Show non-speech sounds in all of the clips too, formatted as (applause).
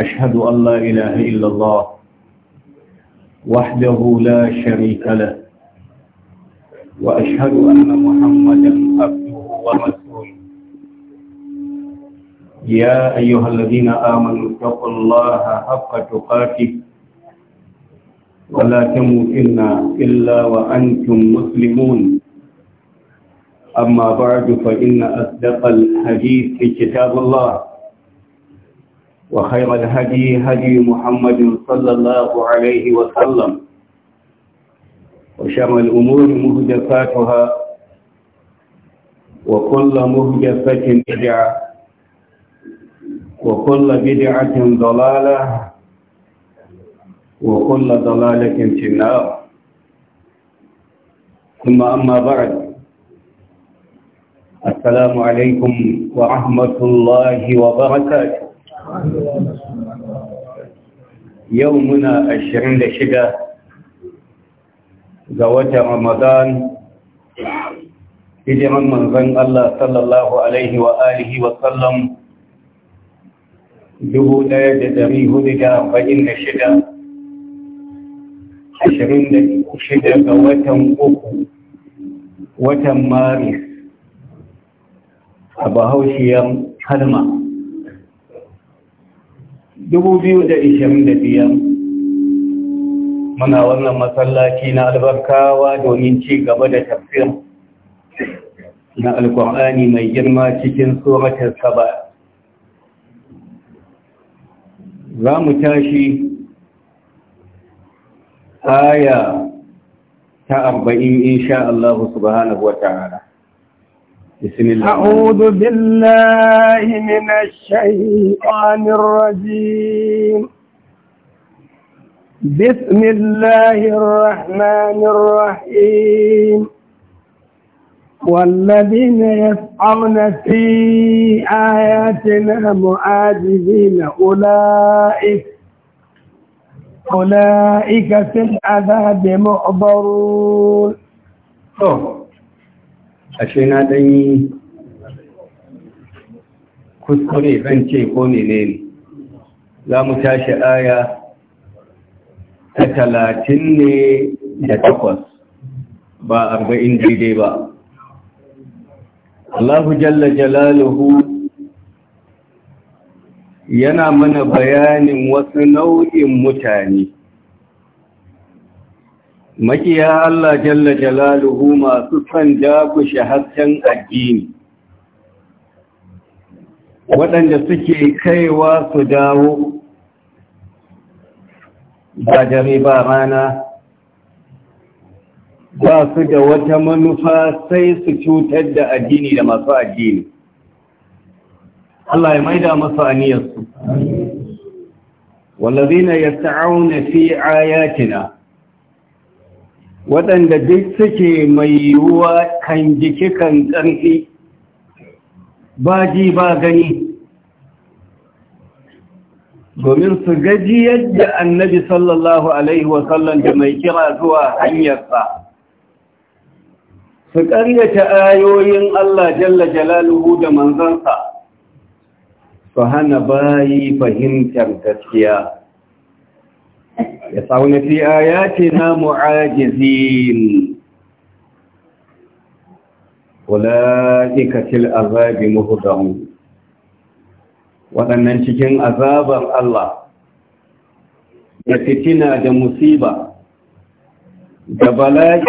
أشهد أن لا إله إلا الله وحده لا شريك له وأشهد أن محمدا عبده ورسوله يا أيها الذين آمنوا اتقوا الله حق تقاته ولا تموتن إلا وأنتم مسلمون أما بعد فإن أصدق الحديث كتاب الله وخير الهدي هدي محمد صلى الله عليه وسلم وشر الأمور مهدفاتها وكل مهدفة بدعة وكل بدعة ضلالة وكل ضلالة في النار ثم أما بعد السلام عليكم ورحمة الله وبركاته yau muna ashirin da shida ga watan ramadan hijiran manzan Allah sallallahu alaihi wa alihi wa sallam dubu ɗaya da dari hudu da arba'in da shida ashirin da shida ga watan uku watan maris a bahaushiyar kalma 2025 muna wannan masallaci na albarkawa domin ci gaba da tafsir na alkur'ani mai girma cikin tsoratar saba za mu tashi aya ta arba'in insha Allah subhanahu wa ta'ala بسم الله أعوذ بالله من الشيطان الرجيم بسم الله الرحمن الرحيم والذين يسعون في آياتنا معاجزين أولئك أولئك في العذاب مؤبرون ashe na dan yi kuskure zan ce ko menene za mu tashi aya ta talatin ne da takwas ba arba'in daidai ba Allahu jalla jalaluhu yana mana bayanin wasu nau'in mutane makiya Allah jalla jalaluhu masu son jakushe hasken addini waɗanda suke kaiwa su dawo ba dare ba rana ba su da wata manufa sai su cutar da addini da masu addini Allah ya maida masu aniyarsu wallazina yasta'auna fi ayatina waɗanda duk suke mai yiwuwa kan jiki kan ƙarfi ba ji ba gani domin su gaji yadda annabi sallallahu alaihi wasallam da mai kira zuwa hanyarsa su ƙaryata ayoyin Allah jalla jalaluhu da manzansa su hana bayi fahimtar gaskiya Ya يسعون في آياتنا معاجزين أولئك في العذاب مهدرون waɗannan cikin azabar Allah da fitina da musiba da bala'i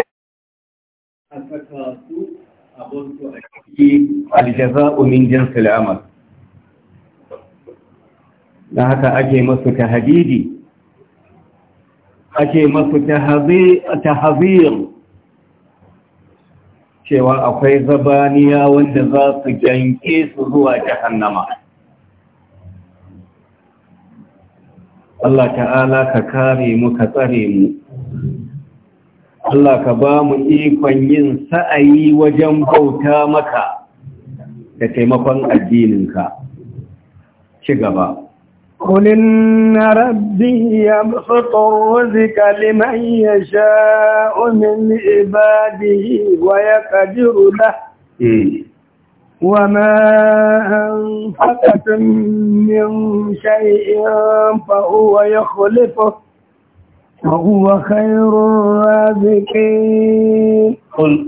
a saka su a a ciki aljaza'u min jinsil amal na haka ake masu ta hadidi ake masu tahazir cewa akwai zabaniya wanda za su janke su zuwa jahannama Allah ta'ala ka kare mu ka tsare mu Allah ka ba mu ikon yin sa'ayi wajen bauta maka da taimakon addininka ci gaba قل إن ربي يبسط الرزق لمن يشاء من عباده ويقدر له وما أنفقتم من شيء فهو يخلفه وهو خير الرازقين قل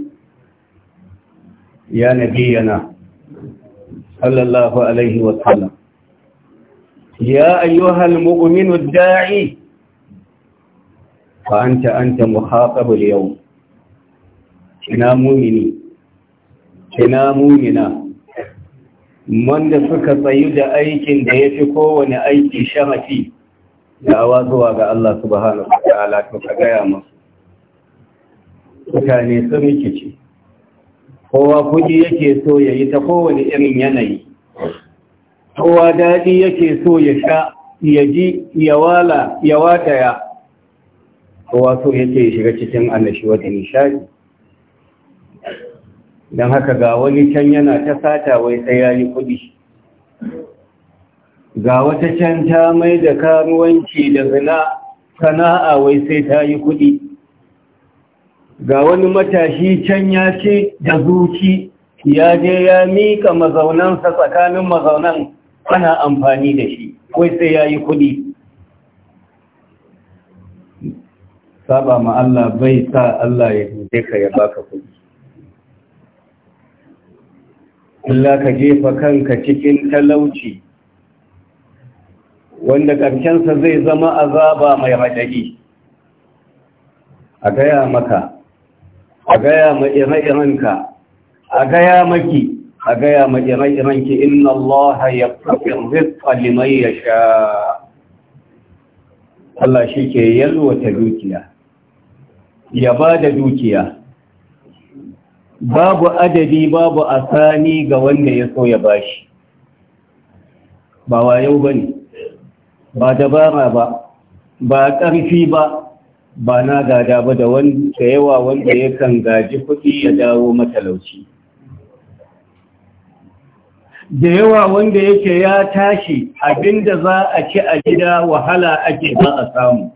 يا نبينا صلى الله عليه وسلم يا أيها المؤمن الداعي فأنت أنت مخاطب اليوم كنا مؤمني كنا مؤمنا من دفك طيب أيك ديتك وانا أيك شغفي دعوة زواغ الله سبحانه وتعالى كفقيا مصر mutane sun rikici kowa kudi yake so ya yi ta kowane irin yanayi kowa daɗi yake so ya sha ya ji ya wala ya wataya kowa so yake shiga cikin annashi wata nishadi don haka ga wani can yana ta sata wai sai ya yi kuɗi ga wata can ta mai da karuwanci da zina sana'a wai sai ta yi kuɗi ga wani matashi can ya ce da zuci ya je ya mika mazaunansa tsakanin mazaunan ana amfani da shi wai sai ya yi kuɗi saba ma Allah bai sa Allah ya duje ka ya baka kuɗi Allah ka jefa kanka cikin talauci wanda ƙarshensa zai zama azaba mai raɗaɗi a gaya maka a gaya ma ire-irenka a gaya maki a gaya ma ire-iren ki inna Allah ya fafi rizqa liman sha!" Allah shi ke ta dukiya ya ba da dukiya babu adadi babu asani ga wanda ya so ya bashi ba wayo bane ba dabara ba ba ƙarfi ba ba na gada ba da yawa wanda yakan gaji kuɗi ya dawo matalauci da yawa wanda yake ya tashi abinda za a ci a gida wahala ake za a samu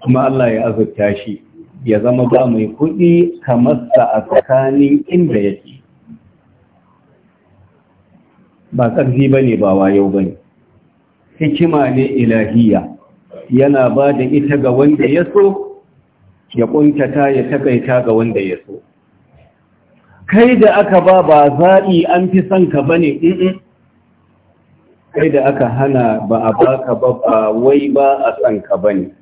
kuma Allah ya azurta shi ya zama ba mai kuɗi kamar sa a tsakanin inda yake ba ƙarfi ba ne ba wayo ba ne hikima ne ilahiya yana ba da ita ga wanda ya so ya ƙuntata ya takaita ga wanda ya so kai da aka ba ba za'i an fi son ka bane kai da aka hana ba a baka ba ba wai ba a son ka bane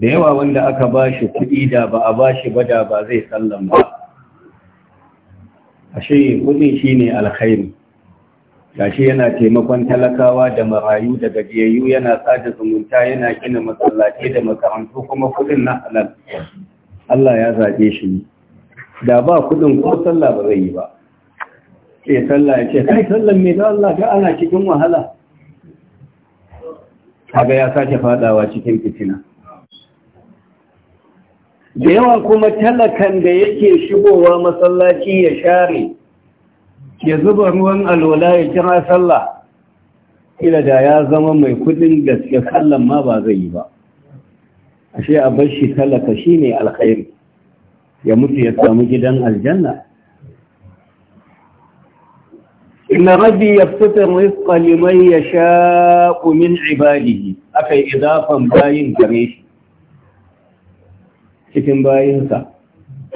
da yawa wanda aka ba shi kuɗi da ba a ba shi ba da ba zai sallan ba ashe kuɗin shi ne alkhairi gashi yana taimakon talakawa da marayu da gajiyayyu yana tsada zumunta yana gina masallaci da makarantu kuma kuɗin na halal Allah ya zaɓe shi ne. da ba kudin ko sallah ba zai yi ba ke sallah ya ce kai sallah mai da Allah ga ana cikin wahala kaga ya sake fadawa cikin fitina da yawa kuma talakan da yake shigowa masallaci ya share ya zuba ruwan alwala ya kira sallah kila da ya zama mai kudin gaske sallan ma ba zai yi ba ashe a bar shi talaka shine alkhairi ya mutu ya samu gidan aljanna inna rabbi yabsutu rizqa liman yasha'u min ibadihi akai idafan bayin gare shi cikin bayinsa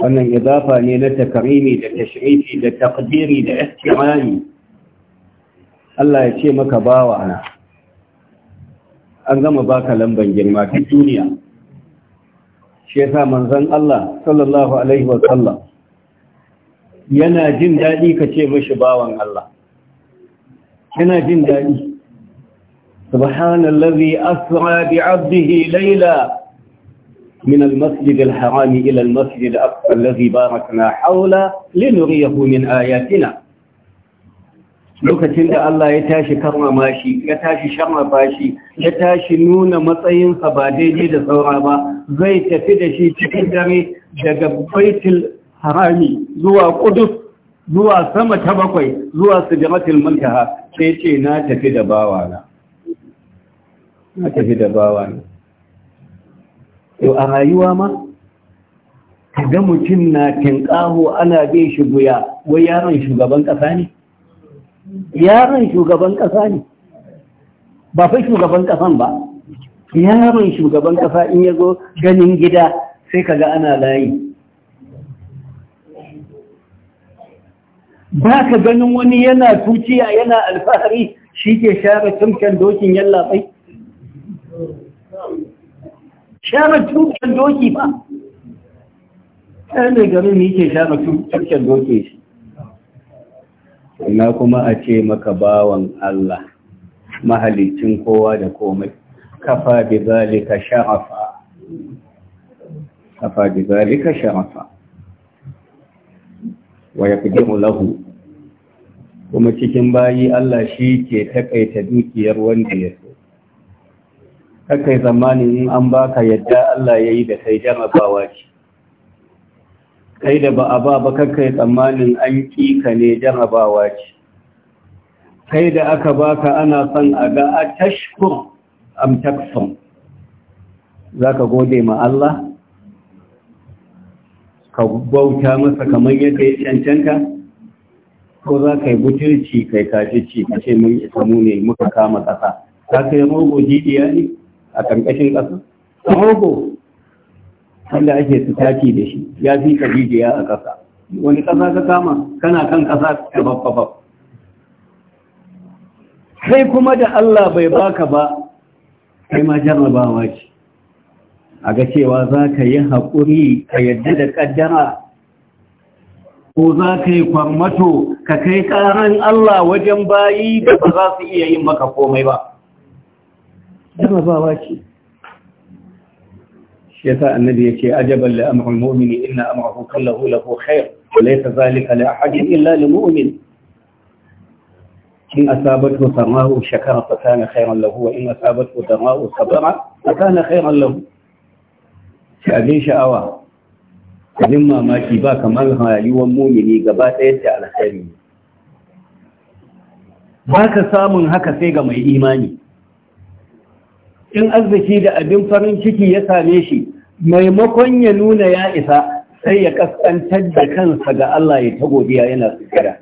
wannan idafa ne na takarimi da tashrifi da taqdiri da istirani Allah ya ce maka bawa na an gama baka lamban girma ta duniya sheta manzan Allah sallallahu Alaihi wasallam yana jin daɗi ka ce mashi bawan Allah yana jin daɗi subhanallazi asra bi abdihi layla min almasjid alharami ila almasjid aqsa allazi barakna hawla linuriyahu min ayatina lokacin da Allah ya tashi karmama shi ya tashi sharrafa shi ya tashi nuna matsayinsa ba daidai da saura ba zai tafi da shi cikin dare daga baitul harami zuwa qudus zuwa sama ta bakwai zuwa sidratul muntaha sai ce na tafi da bawana na tafi da bawana to a rayuwa ma kaga ga mutum na tinkaho ana bin shi guya wai yaron shugaban kasa ne yaron shugaban ƙasa ne ba fa shugaban ƙasan ba yaron shugaban ƙasa in ya zo ganin gida sai kaga ana layi ba ka ganin wani yana tuciya yana alfahari shi ke share tumken dokin yallaɓai share tumken doki ba ɗan ne garin ne ke share tumken doki shi ina kuma a ce maka bawan Allah mahalicin kowa da komai kafa bi zalika sha'afa kafa bi zalika sha'afa wa lahu kuma cikin bayi Allah shi ke takaita dukiyar wanda ya so kakai zamanin in an baka yadda Allah yayi da kai jarabawa ce kai da ba a ba ba kakai tsammanin an ka ne jarabawa ce kai da aka baka ana son a ga a tashkur amtakson. za ka gode ma Allah ka bauta masa kamar yadda ya cancanta ko za ka yi butulci kai ci ka ce mun isa mu ne muka kama ƙasa za ka yi rogo jijiya ne a ƙarƙashin ƙasa rogo wanda ake sitati da shi ya fi kabijiya a ƙasa wani ƙasa ka kama kana kan ƙasa ka babbaba sai kuma da Allah bai baka ba kai ma jarrabawa ce a ga cewa za ka yi haƙuri ka yadda da ƙaddara ko za ka yi kwarmato ka kai ƙaran Allah wajen bayi da ba za su iya yin maka komai ba jarrabawa ce yasa annabi yake ajaban li amrul mu'mini inna amrahu kullahu lahu khair laysa zalika li ahadin illa lil mu'min in asabatu samahu shakara fa kana khairan lahu wa in asabatu darahu sabara fa kana khairan lahu shi abin sha'awa abin mamaki ba kamar rayuwar mumini gaba daya ta alkhairi ba ka samun haka sai ga mai imani in arziki da abin farin ciki ya same shi maimakon ya nuna ya isa sai ya kaskantar da kansa ga Allah ya ta godiya yana sujjada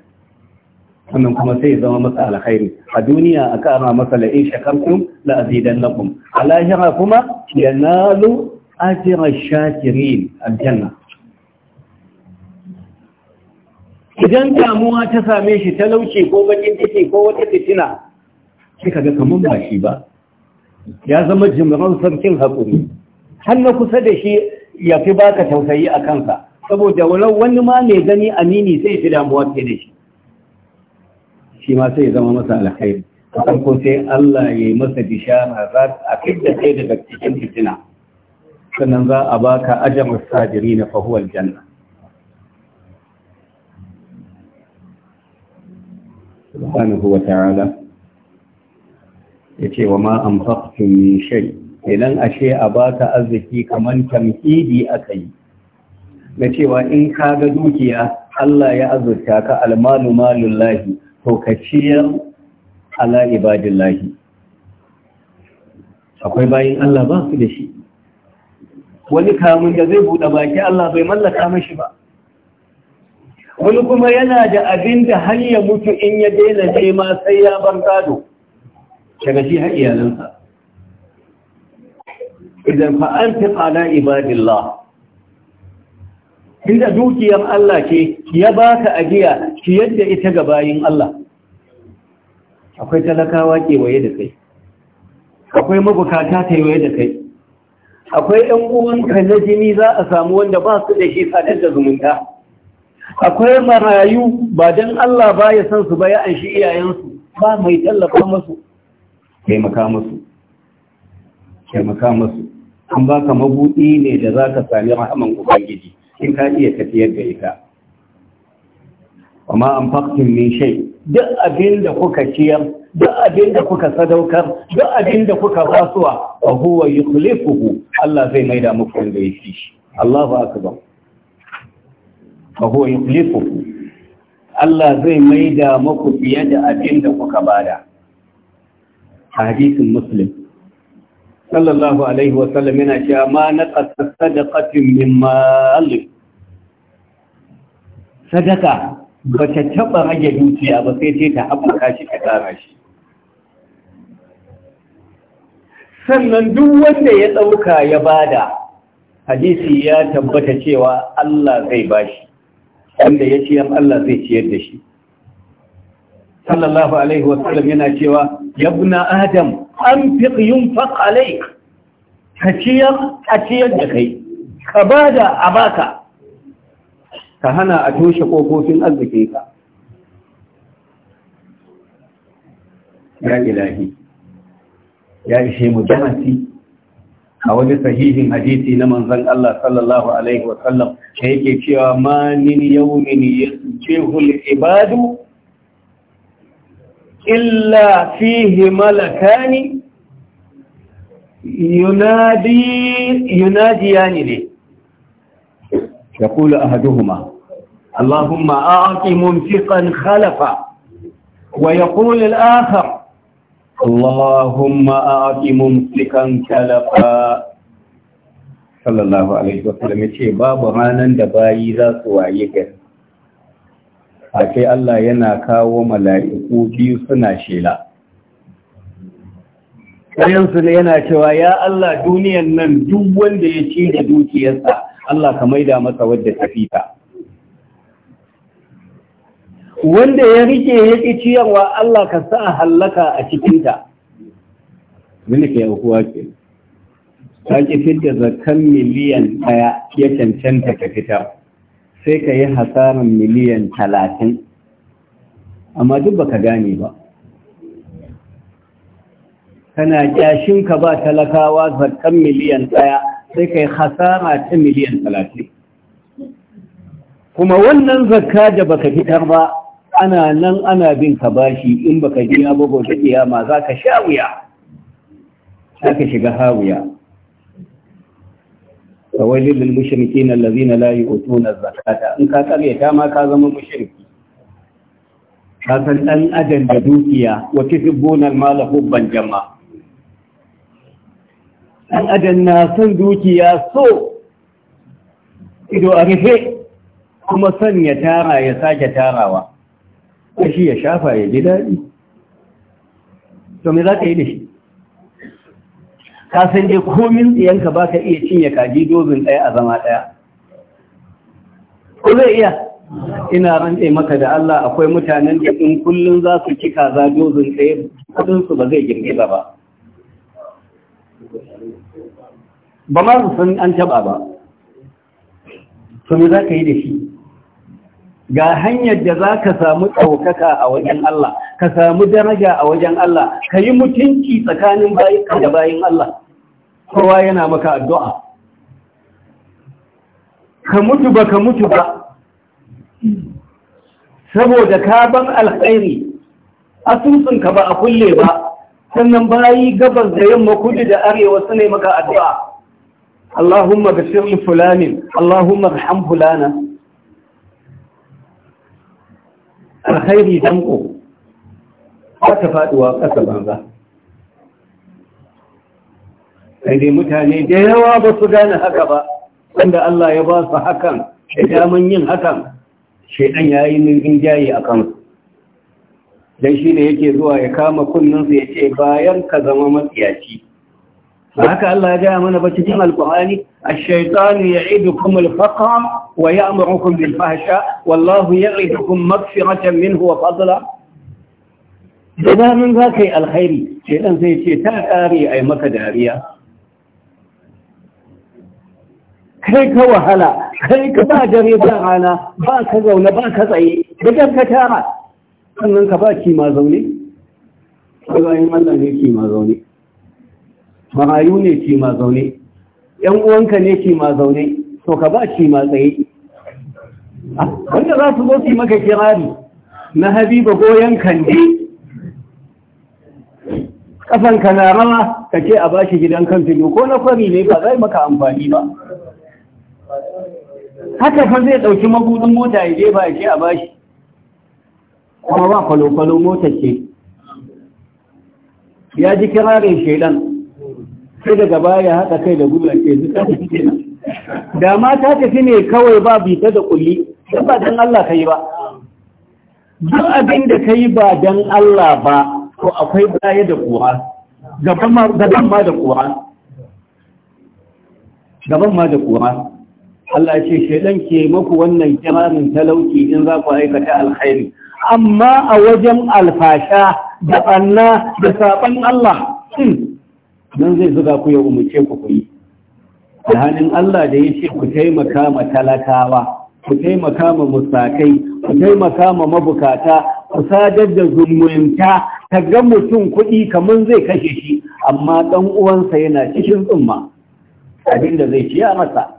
sannan kuma sai zama masa alkhairi a duniya a kama masa la'in in da azidan azidannakum a lahira kuma ya yanalu ajra shakirin aljanna idan damuwa ta same shi talauci ko bakin ciki ko wata fitina sai ga kaman ba shi ba ya zama jimran sarkin haƙuri har na kusa da shi ya fi baka tausayi a kansa saboda walau wani ma mai gani amini sai fi damuwa ke da shi shi ma sai ya zama masa alkhairi a farko sai Allah ya yi masa bishara za a fidda kai daga cikin fitina sannan za a baka ajamar sadiri na fahuwar janna subhanahu wa ta'ala ya ce wa ma an min shai idan ashe a baka arziki kamar tamhidi aka yi na cewa in ka ga dukiya Allah ya azurta ka almalu malullahi to ka ciyar ala ibadillahi akwai bayin Allah ba su da shi wani kamun da zai buɗe baki Allah bai mallaka mashi ba wani kuma yana da abin da har ya mutu in ya daina nema sai ya bar gado daga shi har iyalansa idan fa fi ala ibadillah inda dukiyar Allah ce ya baka ajiya ki yadda ita ga bayin Allah akwai talakawa waye da kai akwai mabukata waye da kai akwai ‘yan uwanka na jini za a samu wanda ba su da shi sadar da zumunta akwai marayu ba don Allah ba ya san su ba ya an shi iyayensu ba mai tallafa masu taimaka musu taimaka musu an baka mabuɗi ne da za ka sami rahaman ubangiji in ka iya tafiyar da ita amma an faktin min shai duk abin da kuka ciyar duk abin da kuka sadaukar duk abin da kuka basuwa a huwa kulefuhu Allah zai maida muku wanda ya fi shi Allahu ba a huwa kulefuhu Allah zai maida muku fiye da abin da kuka bada hadisin muslim sallallahu alaihi wasallam yana cewa ma na sadaqatin min malik sadaka ba ta taɓa rage dukiya ba sai ce ta haɓaka shi ta tsara shi sannan duk wanda ya ɗauka ya bada hadisi ya tabbata cewa Allah zai bashi wanda ya ciyar Allah zai ciyar da shi sallallahu alaihi wasallam yana cewa ya buna adam an fiƙi yin faƙalai ka ciyar a ciyar da kai ka ba da a baka ka hana a toshe ƙofofin ka. ya ilahi ya ishe mu janasi a wani sahihin hadisi na manzan Allah sallallahu alaihi wasallam da yake cewa ma min yawmin yasbihu al-ibadu illa fihi malakani yunadiyani ne يقول أحدهما اللهم أعط منفقا خلفا ويقول الآخر اللهم أعط ممسكا كلفا صلى الله عليه وسلم يقول باب رانا دبايزا سوائيك kai Allah yana kawo mala'iku biyu suna shela Ƙaryansu ne yana cewa ya Allah duniyan nan duk wanda ya ci da dukiyarsa Allah ka maida masa wadda ta fita wanda ya rike ya ƙi ciyarwa Allah ka sa hallaka a cikinta yi yankuwa ke ta ƙi fidda zakan miliyan ɗaya ya cancanta ka fita. sai ka yi hasarar miliyan talatin amma duk baka gane ba kana kyashin ka ba talakawa zarkan miliyan ɗaya sai ka yi hasara ta miliyan talatin kuma wannan zakka da baka fitar ba ana nan ana bin ka bashi in baka jiya ba gobe kiyama za ka sha wuya shiga hawiya wailil lil mushrikin allazina la yu'tuna zakata in ka kare ta ma ka zama mushriki ka san dan adam da dukiya wa tuhibbuna al mala hubban jamma dan adam na san dukiya so ido a rufe kuma son ya tara ya sake tarawa kashi ya shafa ya ji daɗi to me za ka yi da shi ka san dai komin tsiyanka ba ka iya cinye kaji dozin ɗaya a zama ɗaya ko zai iya ina rantse maka da Allah akwai mutanen da in kullum za su ci kaza dozin ɗaya kudinsu ba zai girgiza ba ba ma su san an taba ba to me za ka yi da shi ga hanyar da za ka samu ɗaukaka a wajen Allah ka samu daraja a wajen Allah ka yi mutunci tsakanin bayan da bayan Allah kowa yana maka addu'a ka mutu ba ka mutu ba saboda ka ban alkhairi asusunka ba a kulle ba sannan bayi gabas da yamma kudu da arewa su ne maka addu'a Allahumma ga shirin fulanin Allahumma ga fulana alkhairi danko ba ta faduwa ƙasa banza sai dai mutane da yawa ba su gane haka ba wanda Allah ya ba su hakan da daman yin hakan shaidan ya yi nirgin jayi a kansu Dan shi ne yake zuwa ya kama kunnensu ya ce bayan ka zama matsiyaci هكا الله جاء من بتجمع القرآن الشيطان يعيدكم الفقر ويأمركم بالفحشاء والله يعيدكم مغفرة منه وفضلا إذا من ذاك الخير شيئا زي شيطان آري أي مكد مكداريا كيك وهلا كيك ما جريب لغانا باك زون باك زي بجر كتارا أنك باكي ما زوني أبا إيمان لغي ما زوني mahayu ne ke ma zaune yan uwanka ne ke ma zaune to ka ba ke ma tsaye wanda za su zo su maka kirari na habiba goyon kande Kasan ka na rama ka ce a bashi gidan kan filo ko na kwari ne ba zai maka amfani ba haka fa zai dauki magudin mota ya je ba ya ce a bashi kuma ba kwalo-kwalo mota ce ya ji kirarin shaidan sai daga baya haɗa kai da a ce su ta tafi da ma ta tafi ne kawai ba bita da kulli don ba don Allah ka yi ba duk abin da ka yi ba don Allah ba ko akwai baya da kuwa gaban ma da kuwa gaban ma da kuwa Allah ce shaidan ke maku wannan kirarin talauki in za ku aikata alkhairi amma a wajen alfasha da ɓanna da saɓan Allah hmm, nan zai zuga ku ya umarce ku kuyi hannun Allah da ya ce ku taimaka ma talakawa ku taimaka ma musakai ku taimaka ma mabukata ku sadar da zumunta ta ga mutum kuɗi kamar zai kashe shi amma ɗan uwansa yana cikin tsumma abinda zai ciya masa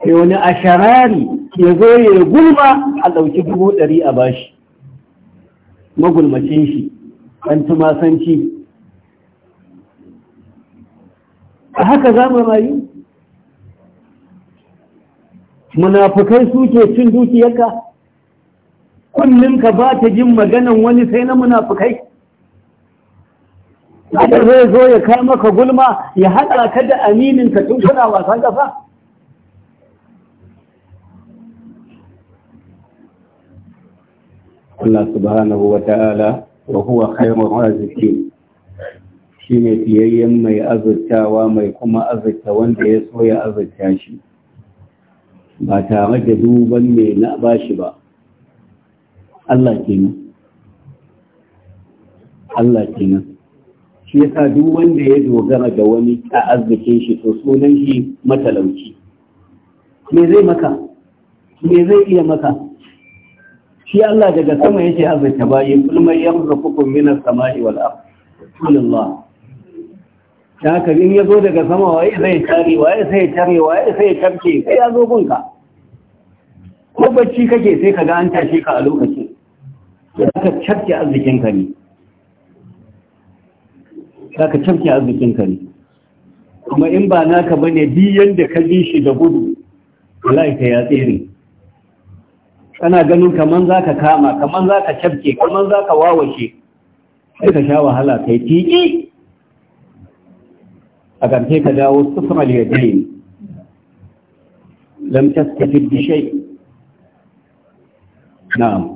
sai wani asharari ya zo ya gulma a ɗauki dubu ɗari a bashi magulmacin shi ɗan tumasanci a haka za mu rayu munafukai suke cin dukiyarka kullum ka ba ta jin maganan wani sai na munafukai haka zai zo ya kai maka gulma ya haɗa ka da aminin ka tun kana wasan ƙasa Allah subhanahu wa ta'ala wa huwa khairur raziqin shi ne fiyayyen mai azurtawa mai kuma azurta wanda ya so ya azurta shi ba tare da duban mai na ba shi ba Allah kenan Allah kenan shi yasa duban da ya dogara da wani a arzikin shi to sunan shi matalauci me zai maka me zai iya maka shi Allah daga sama yake azurta bayi yanzu kukun minar sama'i wal'ar Allah da haka in ya zo daga sama waye zai tare waye sai ya tare waye sai ya tafke sai ya zo gunka ko bacci kake sai ka ga an tashi ka a lokaci? da ka cafke arzikin ka ne za ka cafke arzikin ka ne kuma in ba naka bane biyan da ka bi shi da gudu wallahi ka ya tsere kana ganin kaman za ka kama kaman za ka cafke kaman za ka wawashe sai ka sha wahala kai tiki a ƙarshe ka صفر اليدين لم تستفد بشيء نعم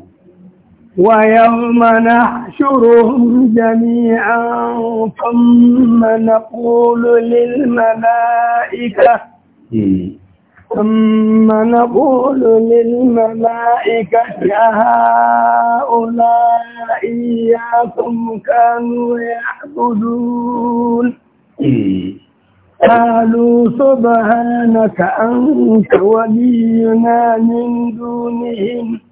ويوم نحشرهم جميعا ثم نقول للملائكة ثم نقول للملائكة هؤلاء إياكم كانوا يعبدون Kalu eh. so ba hana ka an kawali yunanin duniyin,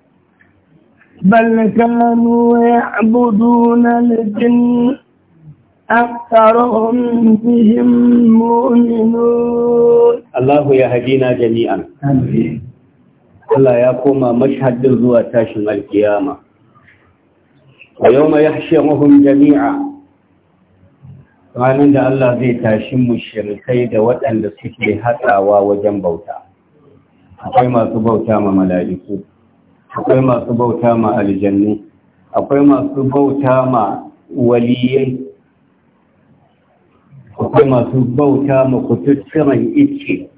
balkanu ya abudu na lajin aksarohun fihim mu'minu. Allahu ya haji jami'an. Allah ya koma mashahadin zuwa tashin alkiyama. A yau mai hashe jami'a. ranar da Allah zai tashi mu shirkai da waɗanda suke hatsawa wajen bauta akwai masu bauta ma mala'iku akwai masu bauta ma aljannu akwai masu bauta ma waliyai akwai masu bauta ma kututturan ice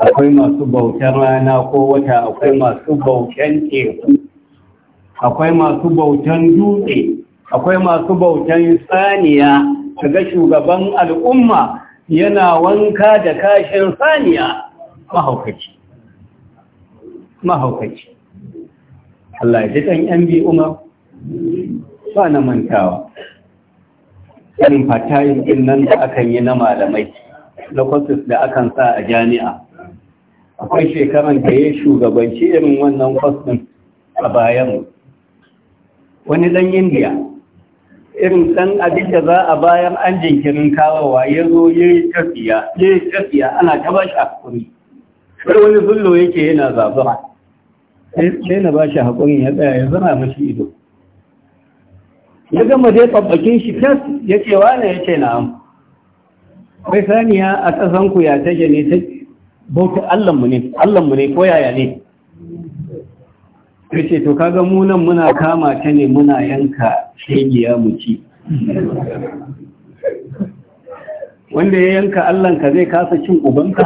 akwai masu bauta rana ko wata akwai masu bautan teku akwai masu bautan dutse akwai masu bautan saniya kaga shugaban al'umma yana wanka da kashin saniya mahaukaci mahaukaci Allah ya ji ɗan ‘yan bi umar ba na mantawa irin fatayin ɗin nan da akan yi na malamai na kwasus da akan sa a jami'a akwai shekaran da ya shugabanci irin wannan kwasus a bayan wani ɗan indiya irin ɗan abin da za a bayan an jinkirin kawowa ya zo ya yi tafiya ya yi tafiya ana ta ba shi haƙuri sai wani zullo yake yana zabura sai na ba shi haƙuri ya tsaya ya zama mashi ido ya gama dai tsabbakin shi tas ya ce wane ya ce na'am kai saniya a ƙasanku ya ta ne ta bauta allahnmu ne allahnmu ne ko yaya ne kace to kaga mu nan muna kama ta ne muna yanka shegiya ya muci wanda ya yanka ka zai kasa cin ubanka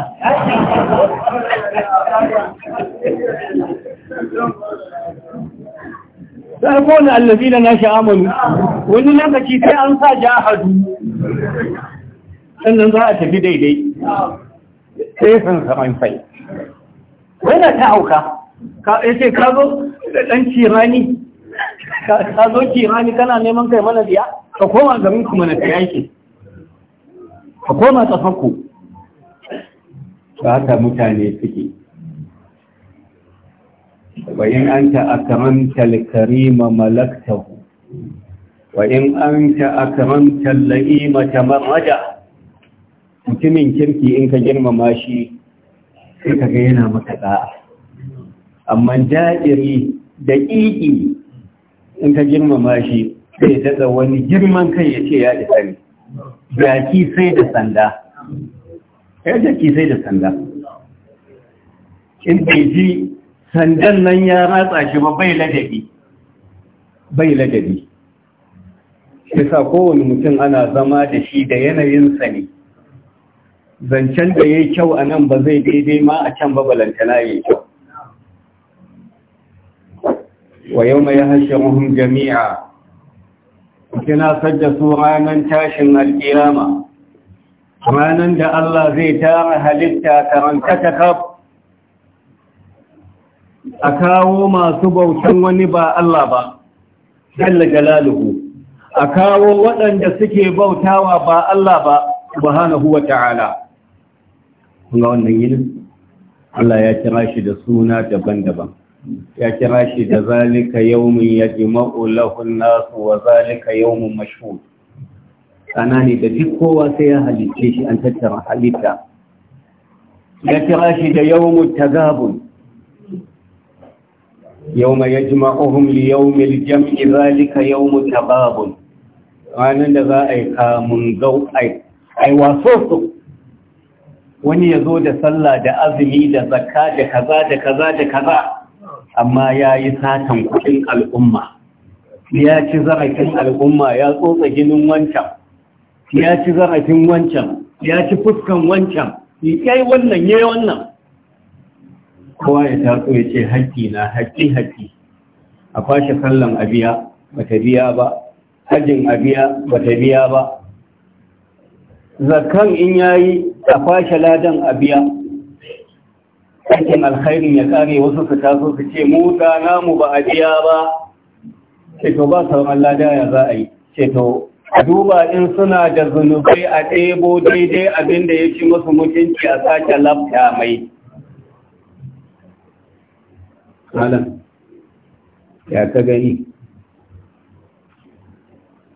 sai ko na allazi na shi amalu wani lokaci sai an sa jahadu sannan za a tafi daidai sai san saman fai wanda ta auka ya ce ka zo da ɗan kirani ka zo kirani kana neman kai mana biya ka koma garin ku mana ka yake ka koma tsafanku ba haka mutane suke وإن أنت أكرمت الكريم ملكته وإن أنت أكرمت اللئيم تمرجه mutumin kirki in ka girmama shi sai ka ga yana maka da'a amma dairi da ƙiƙi in ka girmama shi sai daɗa wani girman kai ya ce ya isa ne jaki sai da sanda ya jaki sai da sanda in ji sandan nan ya ratsa shi ba bai ladabi bai ladabi sa kowane mutum ana zama da shi da yanayinsa ne zancen da ya yi kyau a nan ba zai daidai ma a can na ya kyau wa yau mai hashiruhun jami'a kina sajja su ranar tashin alƙirama ranar da Allah zai tara halitta karanta ta kaf a kawo masu bautan wani ba Allah ba jalla jalaluhu a kawo waɗanda suke bautawa ba Allah ba subhanahu wa ta'ala kun ga wannan yinin Allah ya kira shi da suna daban-daban ya kira shi da zalika yawmin yajma'u lahu an-nas wa zalika yawmun mashhud ne da duk kowa sai ya halice shi an tattara halitta ya kira shi da yawmut tagabun yawma yajma'uhum li yawmil jam'i zalika ta tagabun ranan da za a yi kamun gau ai ai waso su wani ya zo da sallah da azumi da zakka da kaza da kaza da kaza amma ya yi satan kuɗin al'umma ya ci zarafin al'umma ya tsotsa ginin wancan ya ci zarafin wancan ya ci fuskan wancan ya yi wannan ya yi wannan kowa ya taso ya ce haƙƙi na haƙƙi haƙƙi a kwashe sallan abiya bata biya ba hajjin abiya bata biya ba zakan in yayi a kwashe ladan abiya aikin alkhairin ya kare wasu su taso su ce mu da namu ba a biya ba ce to ba sauran lada ya za a yi ce to duba in suna da zunubai a ɗebo daidai abinda da ya ci masu mutunci a sake lafta mai malam ya ka gani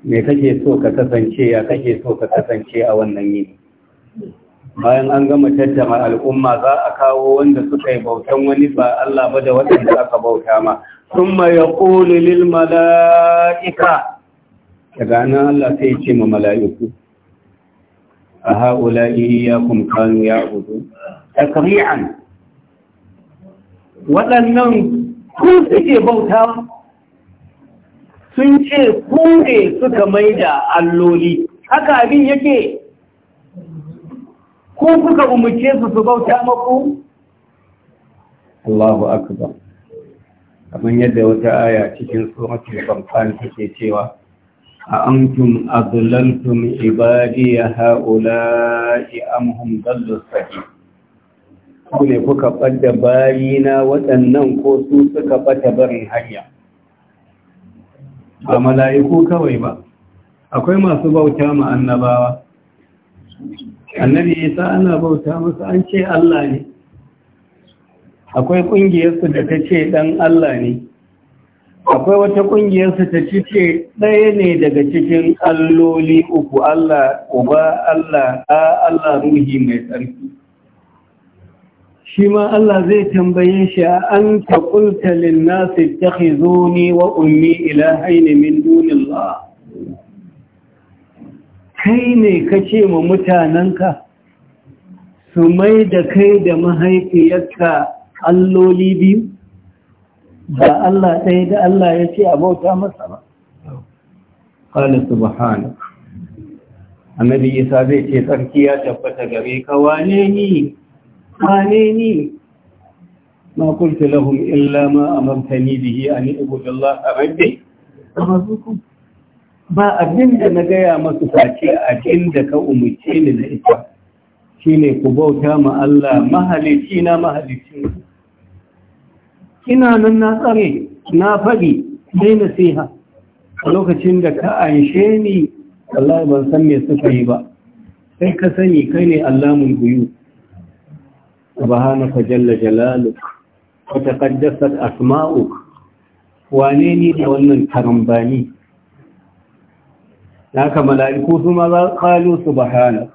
me kake so ka kasance ya kake so ka kasance a wannan yini bayan an gama tattama al'umma za a kawo wanda suka yi bautan wani ba Allah ba da waɗanda aka bauta ma sun ma ya ƙoli lil mala'ika daga nan Allah sai ce ma mala'iku a haula iya kumkanu ya hudu takri'an waɗannan kun suke bauta sun ce ku ne suka maida alloli haka abin yake ko kuka umarce su su bauta maku Allahu akbar kamar yadda wata aya cikin suratul furqan take cewa a antum adlaltum ibadi ya am amhum dallu sahi ku ne kuka bada na waɗannan ko su suka bata barin hanya ba mala'iku kawai ba akwai masu bauta ma annabawa annabi isa ana bauta masa an ce Allah ne akwai ƙungiyarsu da ta ce ɗan Allah ne akwai wata ƙungiyarsu ta ci ce ɗaya ne daga cikin alloli uku Allah uba Allah a Allah ruhi mai tsarki shi ma Allah zai tambaye shi a an taƙulta nasu ta wa ummi ilahaini min Allah kai ne ka ce ma mutanenka su mai da kai da mahaifiyarka alloli biyu ba Allah ɗaya da Allah ya ce a bauta masa ba. Kala subhana. Amadu Isa zai ce tsarki ya tabbata gare ka wane ni, wane ni. Ma kulta lahum illa ma amartani bihi an ibudu Allah a rabbi. Amma ba abin da na gaya masu face abin da ka umarce ni na ita shi ne ku bauta ma Allah mahalici na mahalicci. ina nan na tsare na faɗi sai nasiha a lokacin da ka anshe ni Allah ban san me suka yi ba sai ka sani kai ne mun guyu subhanaka jalla jalaluk wa taqaddasat asma'uk wane ne da wannan karambani haka mala'iku su ma za qalu subhanak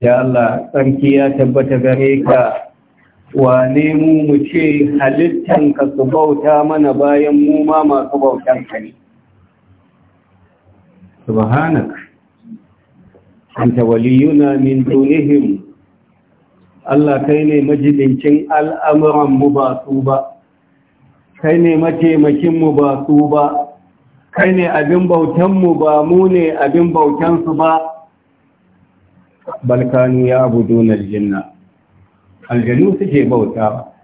ya Allah tsarki ya tabbata gare ka wane mu mu ce halittanka ka su bauta mana bayan mu ma masu bautan ka ne an anta waliyuna min dunihim Allah kai ne majidincin al'amuran mu ba su ba kai ne mataimakin mu ba su ba kai ne abin bautanmu ba mu ne abin bautansu ba balkanu ya abu donar jinna aljanu suke bauta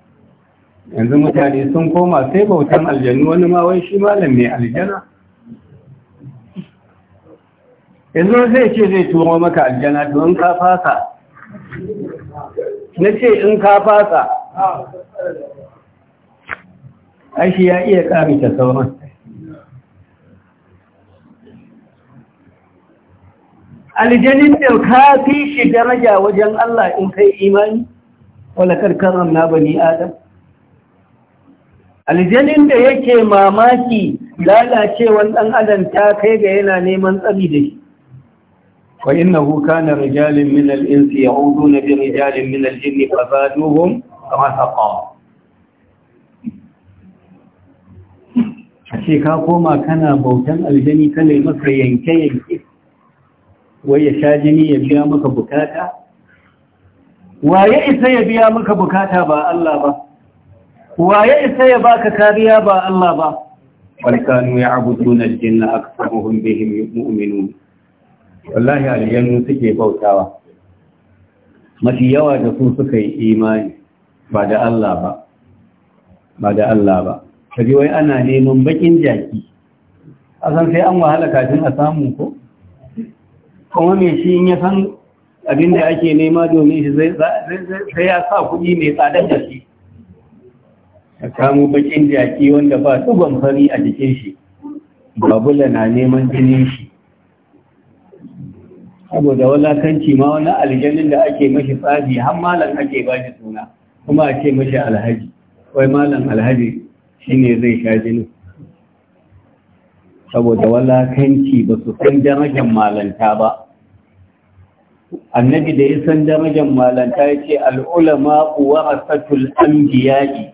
yanzu mutane sun koma sai bautan aljanu wani ma wai shi malam ne aljana yanzu zai ce zai turo maka aljana to in ka fasa na ce in ka fasa ashi ya iya ƙarita sauran aljanin da ka fi shi daraja wajen Allah in kai imani wala karkar na bani adam aljanin da yake mamaki lalacewan dan adam ta kai ga yana neman tsari da shi wa innahu kana rijalun min al-insi ya'uduna bi rijalin min al-jinni fazaduhum rahaqa ashe ka koma kana bautan aljani kana masa yanke yanke wai ya sha jini ya biya maka bukata waye isa ya biya maka bukata ba Allah ba waye isa ya baka kariya ba Allah ba bal kanu ya'buduna al-jinna aktsaruhum bihim mu'minun wallahi aliyanu suke bautawa mafi yawa da su suka yi imani ba da Allah ba ba da Allah ba kaji wai ana neman bakin jaki a san sai an wahala kafin a samu ko kuma mai shi ya san abin da ake nema domin shi sai ya sa kuɗi mai tsadar da shi ya kamo bakin jaki wanda ba tuban fari a jikin shi babula na neman jinin shi saboda walakanci ma wani aljanin da ake mashi tsafi har malam ake ba shi suna kuma a ce mashi alhaji wai malam alhaji shine zai sha jinin saboda walakanci ba su san darajar malanta ba annabi da ya san darajar malanta ya ce al'ulama warasatul anbiya'i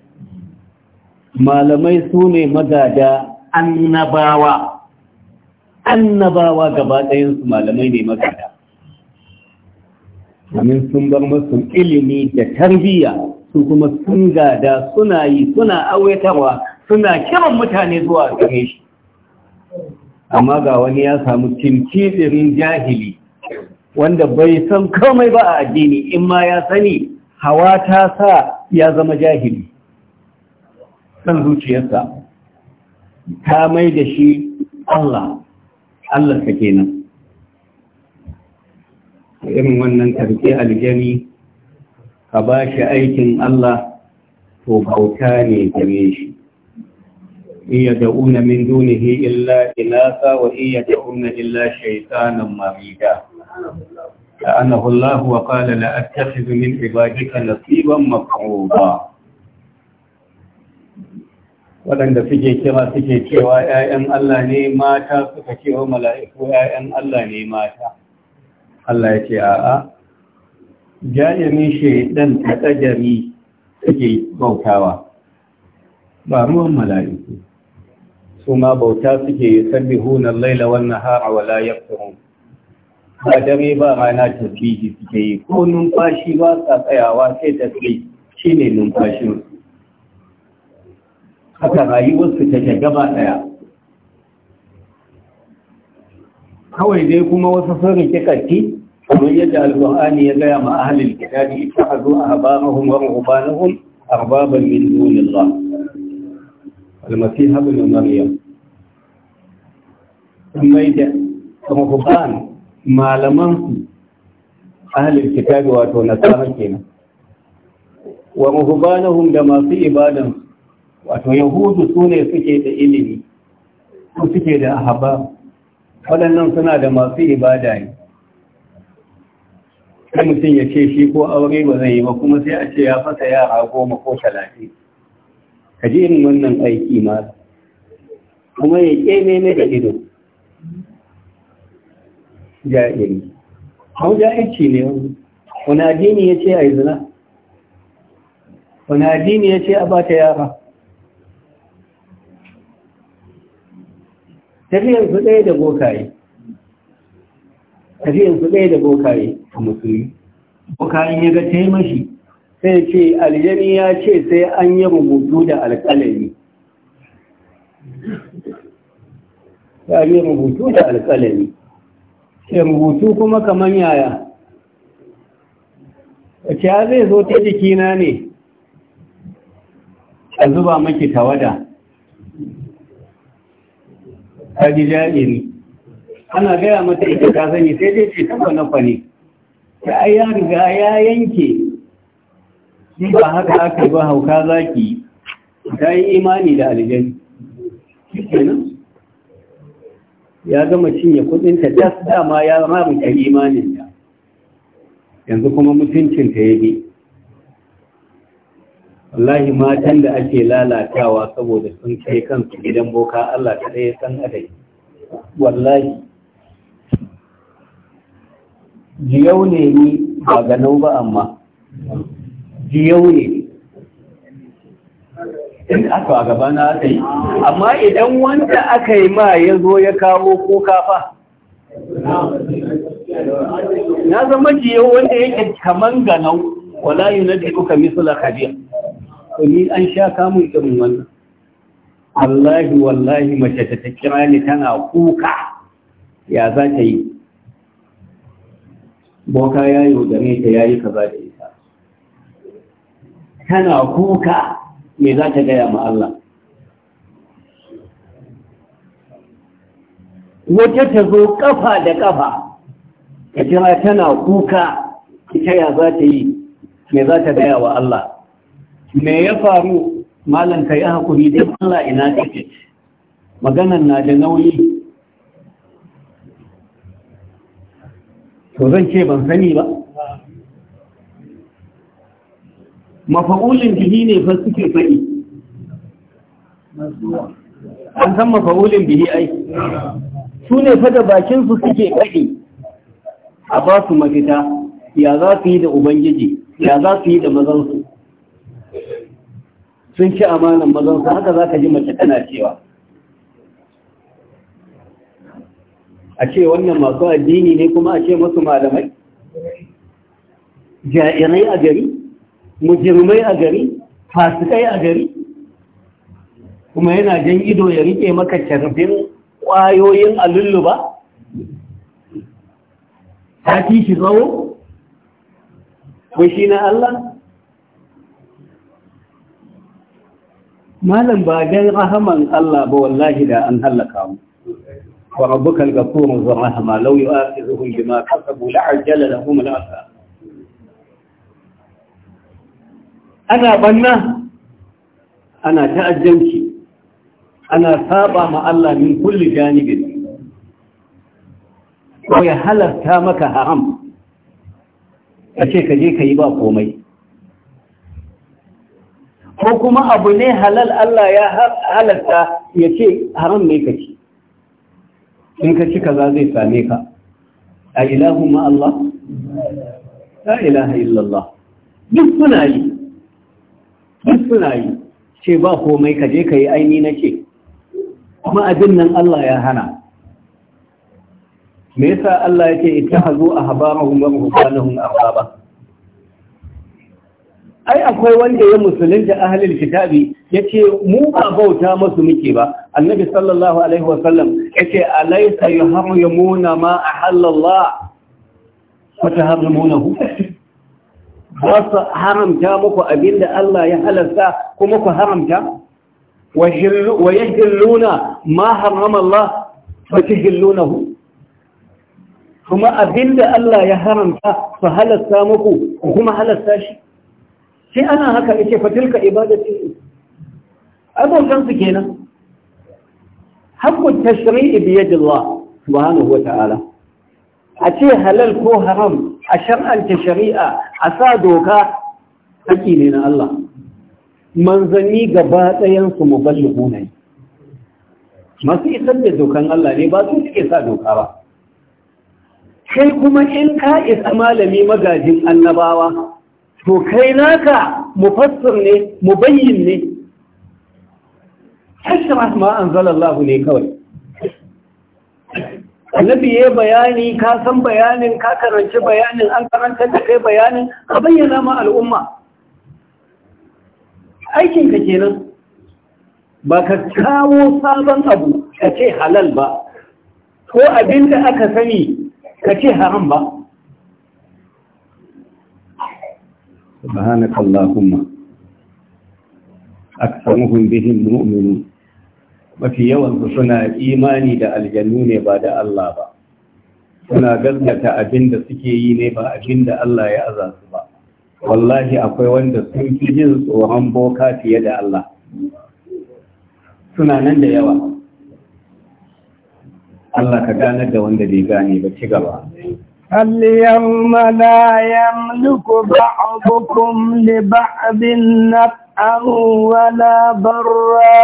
malamai su ne magada annabawa annabawa gaba ɗayansu malamai ne magada domin sun bar masu ilimi da tarbiyya su kuma sun gada suna yi suna auyatarwa suna kiran mutane zuwa game shi amma ga wani ya samu cincin jahili wanda bai san komai ba a addini in ma ya sani hawa ta sa ya zama jahili san zuciyarsa ta mai da shi Allah Allah ta kenan irin wannan karfe aljani ka ba shi aikin Allah to bauta ne game shi إن يدعون من دونه إلا إناثا وإن يدعون إلا شيطانا مريدا لعنه الله وقال لأتخذ من عبادك نصيبا مفروضا waɗanda suke kira suke cewa ‘ya'yan Allah ne mata suka cewa mala'iku ‘ya'yan Allah ne mata. Allah ya ce, “A'a, jayami shaidan ta ƙajami suke bautawa, ba ruwan mala'iku. su ma bauta suke yusabbihuna hunan laila wan nahara wa la yafturun ba dare ba rana tasbihi suke yi ko numfashi ba sa tsayawa sai tasbih shine numfashin haka rayuwar su take gaba daya kawai dai kuma wasu sun rike katti kamar yadda Alƙur'ani ya gaya ma ahlil kitabi ittakhadhu ahbarahum wa ruhbanahum arbaban min dunillah almasiha bin maryam mai da ruhban malaman su ahlul kitabi wato na nasara kenan wa ruhbanahum da masu ibadan wato yahudu sune suke da ilimi su suke da ahaba waɗannan suna da masu ibada ne sai mutum ya ce shi ko aure ba zai yi ba kuma sai a ce ya fasa yara goma ko talatin ka ji irin wannan aiki ma kuma ya ƙeme ne da ido ja'iri hau ja'irci ne wani addini ya ce a yi zina wani addini ya ce a ba ta yara su ɗaya da bokaye su ɗaya da bokaye a musulmi bokayen ya ga taimashi sai ce aljani ya ce sai an yi rubutu da alƙalami ya yi rubutu da alƙalami sai rubutu kuma kamar yaya wace ya zai zo ta jikina ne a zuba maki tawada ta ji ja'iri ana gaya mata ita ta sani sai dai ce ta na ta ayyar riga ya yanke shi ba haka aka yi ba hauka za zaki ta yi imani da aljani kenan ya gama cinye kudinta ta dama ya ramuta imanin ta yanzu kuma mutuncinta ya bi wallahi matan da ake lalatawa saboda sun kai kansu gidan boka Allah ta ɗaya san adai wallahi jiyau ne ni ba ganau ba amma jiyauye in aka a gaba na aka yi amma idan wanda aka yi ma ya zo ya kawo ko kafa na zama jiyau wanda yake kaman ganau wala yi na duka misula Ko ni an sha kamun irin wannan wallahi wallahi mace ta ta kira ni tana kuka ya za ta yi boka ya yi gare ta ya yi kaza da yi tana kuka me za ta gaya ma Allah wata ta zo kafa da kafa ta jira tana kuka ita ya za ta yi me za ta gaya wa Allah me ya faru malam ka yi hakuri da Allah ina take maganan na da nauyi to zan ce ban sani ba mafa'ulin bihi ne fa suke faɗi an san mafa'ulin bihi ai su ne fa da bakin su suke faɗi a ba su mafita ya za su yi da ubangiji ya za su yi da mazansu sun ci amanan mazansu haka za ka ji mace tana cewa a ce wannan masu addini ne kuma a ce masu malamai ja'irai a gari mujirmai a gari fasikai a gari kuma yana jan ido ya rike maka carfin ƙwayoyin alulluba ta fi shi tsawo shi na Allah malam ba gan rahaman Allah ba wallahi da an hallaka mu wa rabbukal ghafurur rahama law yu'akhidhuhum bima kasabu la'ajjala lahum al'azab ana banna ana ta'ajjanci ana saba ma Allah min kulli janibin ko ya halarta maka haram a ce ka je ka yi ba komai ko kuma abu ne halal Allah ya halarta ya ce haram ne ka ci in ka ci kaza zai same ka a ilahu ma Allah la ilaha illallah duk suna yi duk suna yi ce ba komai ka je ka yi aini na ce kuma abin nan Allah ya hana me yasa Allah ya ce ittahazu ahbarahum wa ruhbanahum arbaba ai akwai wanda ya musulunta ahlul kitabi yace mu ba bauta musu muke ba annabi sallallahu alaihi wasallam yace alaysa yuharrimuna ma ahalla Allah fa taharrimunahu ba su haramta muku abinda Allah ya halasta kuma ku haramta wa yahilluna ma harrama Allah fa tahillunahu kuma abinda Allah ya haramta su halasta muku kuma halasta shi sai ana haka yake fatilka ibadati abokan su kenan hakku tashri'i bi yadillah subhanahu wa ta'ala a ce halal ko haram a shar'anta shari'a a sa doka haƙi ne na Allah manzanni gaba ɗayansu mu balli hunayi masu isar da dokan Allah ne ba su suke sa doka ba kai kuma in ka isa malami magajin annabawa to kai naka fassar ne mu bayyin ne hashtama ma anzalallahu ne kawai annabi ya bayani ka san bayanin ka karanci bayanin an karanta da kai bayanin ka bayyana ma al'umma aikinka kenan ba ka kawo sabon abu ka ce halal ba ko abin da aka sani ka ce haram ba subhanakallahumma aksamuhum bihim mu'minun mafi yawansu suna imani da aljanu ne ba da Allah ba suna gaskata abin da suke yi ne ba abin da Allah ya aza su ba wallahi akwai wanda sun fi jin tsoron boka fiye da Allah suna nan da yawa Allah ka ganar da wanda bai gane ba ci gaba اليوم لا يملك بعضكم لبعض نفعا ولا ضرا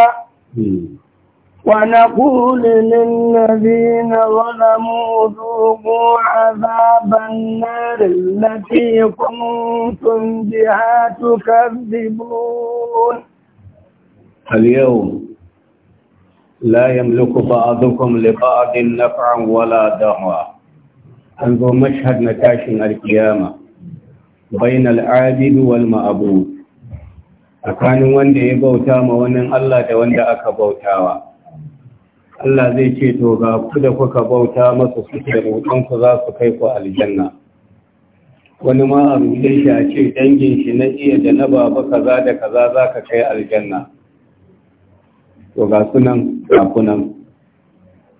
ونقول للذين ظلموا ذوقوا عذاب النار التي كنتم بها تكذبون اليوم لا يملك بعضكم لبعض نفعا ولا دعوة أنظر مشهد متاشن القيامة بين العابد والمعبود أكان wanda بوتاما bauta الله wannan Allah da wanda Allah zai ce to ga ku da kuka bauta masa suke roƙon ku za su kai ku aljanna wani ma a ruɗe shi a ce dangin shi na iya da na baba kaza da kaza za ka kai aljanna to ga sunan kafunan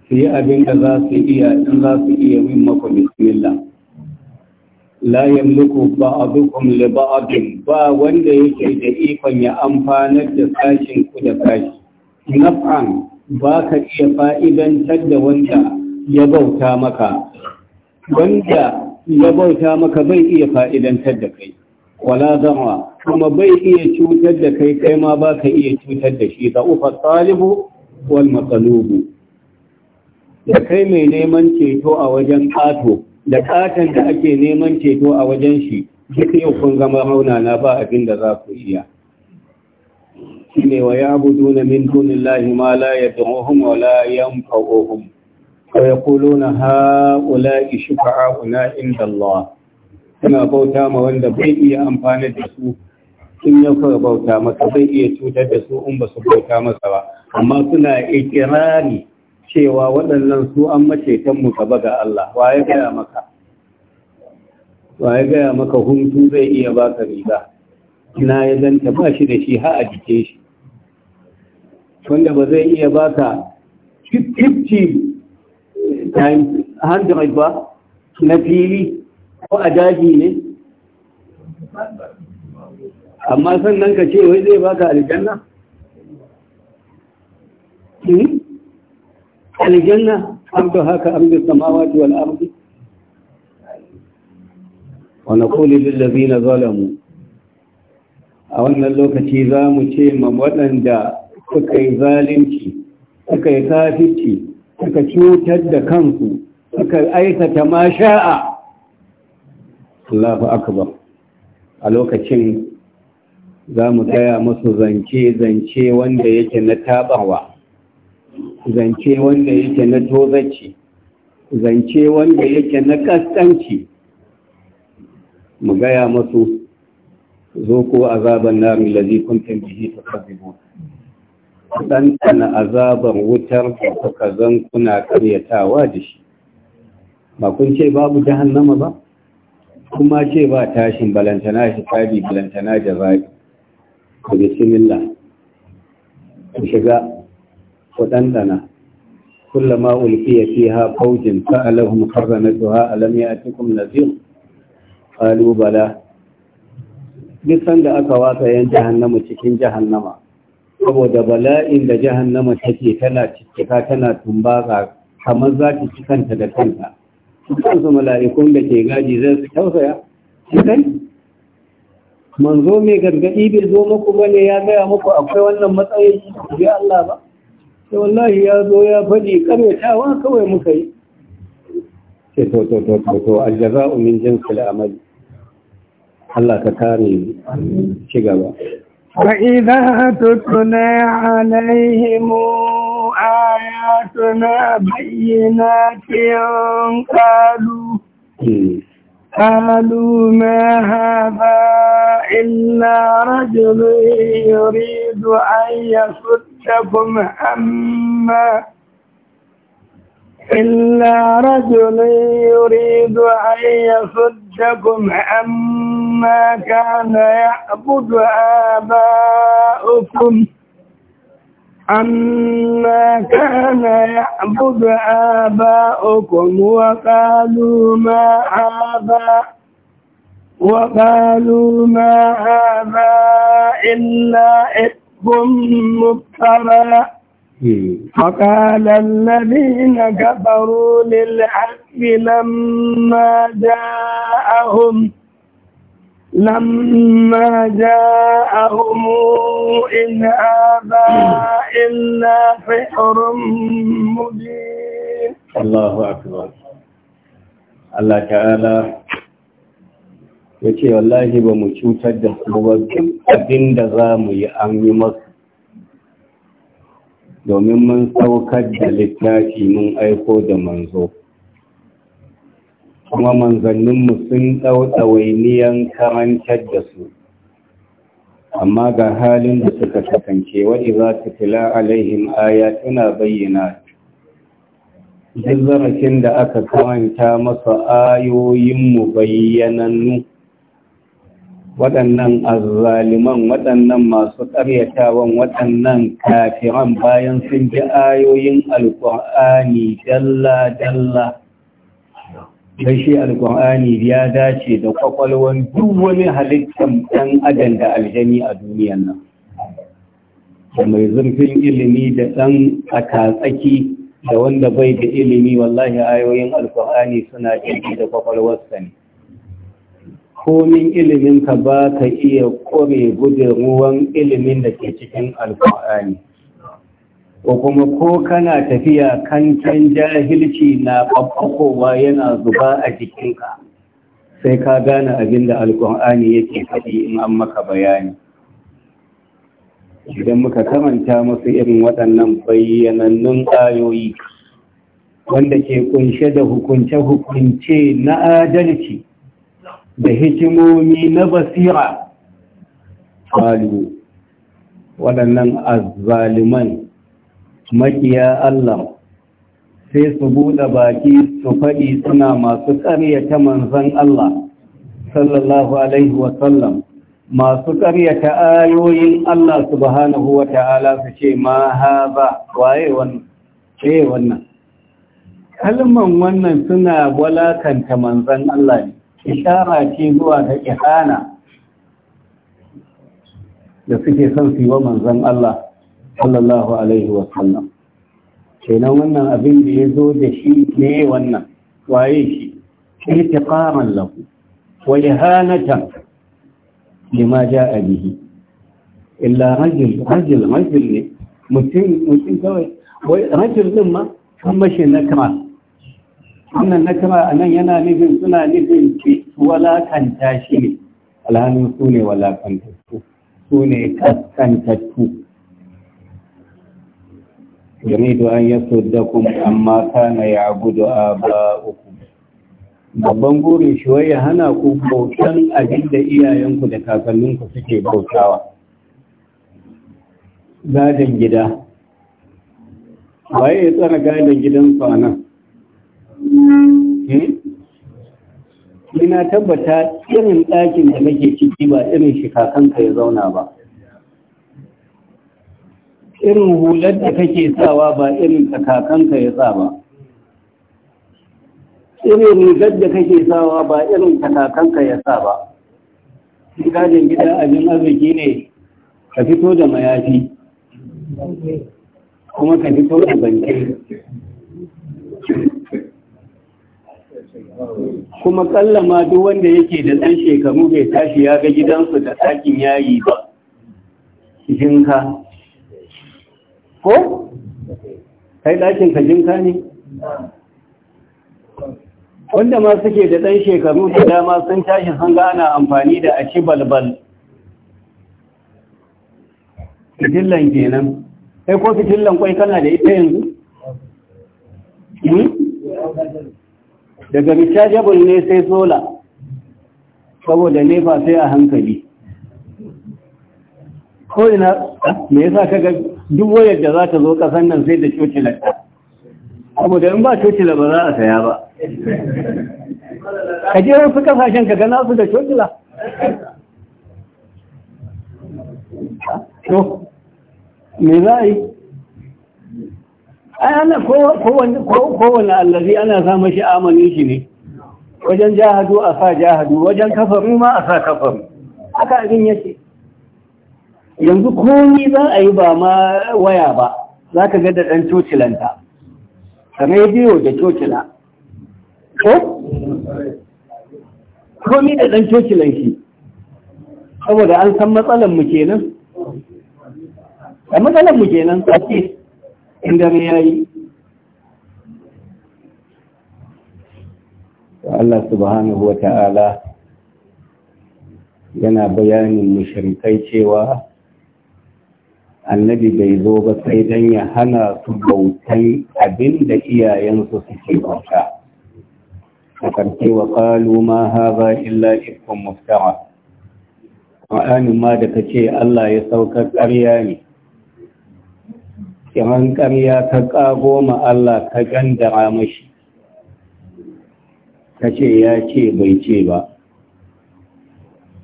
su yi abin da za su iya in za su iya yin maku bismillah la yamliku ba'dukum li ba'din ba wanda yake da ikon ya amfanar da sashin ku da sashi naf'an ba ka iya fa'idantar da wanda ya bauta maka wanda ya bauta maka bai iya fa'idantar da kai wala zama kuma bai iya cutar da kai kai ma ba ka iya cutar da shi da ufa talibu wal matsalubu da kai mai neman ceto a wajen ƙato da ƙatan da ake neman ceto a wajen shi duk yau kun zama raunana ba abin da za ku iya shine wa ya na min dunillahi ma la yad'uhum wa la yanfa'uhum wa yaquluna ha'ula'i fa'ahuna inda Allah suna bauta ma wanda bai iya amfani da su sun ya fara bauta masa bai iya cutar da su in ba su bauta masa ba amma suna ikirani cewa waɗannan su an mace ta mu gaba ga Allah wa ya gaya maka wa huntu zai iya baka riga ina ya zanta ba shi da shi ha a jike shi wanda ba zai iya baka 50 times 100 ba na fili ko a daji ne amma sannan ka ce wai zai baka aljanna hmm? aljanna abu haka abdu samawati wal ardi wa naqulu lil ladina zalamu a wannan lokaci za mu ce ma waɗanda suka yi zalunci suka yi kafici suka cutar da kansu suka aikata ma sha'a Allahu akbar a lokacin za mu gaya musu zance zance wanda yake na tabawa zance wanda yake na tozaci zance wanda yake na kastanci mu gaya musu zo ko azaban nari lazi kuntum bihi tukadzibun ɗanɗana azaban wutar ku kuka zan kuna karyatawa da shi ba kun ce babu jahannama ba kuma ce ba tashin balantana shi tabi balantana da zaɓi ku bismillah ku shiga ku ɗanɗana kullama ulqiya fiha fawjin na qarranatuha alam ya'tikum nadhir qalu bala duk sanda aka watsa yan jahannama cikin jahannama saboda bala'in da jahannama take tana cikika tana tumbatsa kamar za ta ci kanta da kanta su kansu mala'ikun da ke gaji zai su tausaya shi kai manzo mai gargaɗi bai zo muku ne ya gaya muku akwai wannan matsayin shi Allah ba sai wallahi ya zo ya faɗi karyatawa kawai muka yi ce to to to to to aljaza'u min jinsil amali Allah ka kare shi gaba فإذا تتلى عليهم آياتنا بينات قالوا قالوا ما هذا إلا رجل يريد أن يصدكم أما إلا رجل يريد أن يصدكم أما ما كان يعبد آباؤكم أما كان يعبد آباؤكم وقالوا ما هذا وقالوا ما هذا إلا إثم مبتلى فقال الذين كفروا للحق لما جاءهم لما جاءهم إن هذا إلا سحر مبين الله أكبر الله تعالى yace wallahi ba mu cutar da su ba abin da za mu yi an yi masu domin mun saukar da littafi mun aiko da manzo kuma manzanninmu sun ɗauɗawainiyan karantar da su amma ga halin da suka kasance waɗi za su fila alaihim aya tuna bayyana duk zarafin da aka karanta masa ayoyinmu bayyanannu waɗannan azzaliman waɗannan masu ƙaryatawan waɗannan kafiran bayan sun ji ayoyin alƙur'ani dalla-dalla dan shi ya dace da kwakwalwan duk wani halittar ɗan adam da aljani a duniyar nan da mai zurfin ilimi da ɗan tatsaki da wanda bai da ilimi wallahi ayoyin alƙur'ani suna ɗauki da kwakwalwarsa ne komin iliminka ba ka iya kore gudun ruwan ilimin da ke cikin alƙur'ani ko kuma ko kana tafiya kankan jahilci na ɓaɓɓakowa yana zuba a jikinka sai ka gane abin da alƙur'ani yake faɗi in an maka bayani idan muka kamanta masu irin waɗannan bayyanannun ayoyi wanda ke kunshe da hukunce-hukunce na adalci da hikimomi na basira falu waɗannan azzaliman makiya Allah sai su buɗe baki su faɗi suna masu ƙaryata manzan Allah sallallahu alaihi wasallam masu ƙaryata ayoyin Allah subhanahu wa ta'ala su ce ma ba waye wannan wannan kalman wannan suna walakanta manzan Allah ne ishara ce zuwa ta ihana da suke son su yi wa manzan Allah sallallahu alaihi wa sallam kenan wannan abin da ya zo da shi ne wannan waye shi irtiqaman lahu wa ihanatan lima jaa bihi illa rajul rajul rajul ne mutum mutum kawai wai rajul din ma an mashi nakra wannan a nan yana nufin suna nufin ce walakanta shi ne alhalin su ne walakantattu su ne kaskantattu يريد أن يصدكم عما كان يعبد آباؤكم babban burin shi hana ku bautan abinda iyayenku da kakanninku suke bautawa gadon gida waye ya tsara gadon gidansu a nan eh? ina tabbata irin ɗakin da nake ciki ba irin shi kakanka ya zauna ba irin hular da kake sawa ba irin kakanka ya sa ba irin rigar da kake sawa ba irin kakanka ya sa ba gidajen gida abin arziki ne ka fito da mayafi kuma ka fito da banki kuma kallama duk wanda yake da ɗan shekaru bai tashi ya ga gidansu da ɗakin yayi ba jinka ko kai ɗakin ka jinka ne wanda ma suke da ɗan shekaru da dama sun tashi sun ga ana amfani da a ci balbal fitillan kenan kai ko fitillan kwai kana da ita yanzu hmm? daga rechargeable ne sai sola saboda nefa sai a hankali ko ina ah, me yasa ka ga duk wayar da za ta zo kasan nan sai da cocilar ta da in ba cocila ba za a saya ba ka je wasu kasashen ka gana su da cocila to me za a yi ai ana kowane allazi ana sa shi amani shi ne wajen jahadu a sa jahadu wajen kafaru ma a sa kafaru haka abin yake yanzu komi za a yi ba ma waya ba za ka ga da ɗan cocilanta rediyo da cocila ko? komi da ɗan cocilanki shi saboda an san matsalanmu kenan a matsalanmu kenan sake inda mai yayi Allah subhanahu wa ta'ala yana bayanin mushrikai cewa annabi bai zo ba sai don ya hana su bautan abin da iyayensu suke bauta a karshe wa kalu ma ba illa ikon muftara ma'anin ma da ka ce Allah ya saukar ƙarya ne kiran karya ka ƙago ma Allah ka gandara mashi ka ce ya ce bai ce ba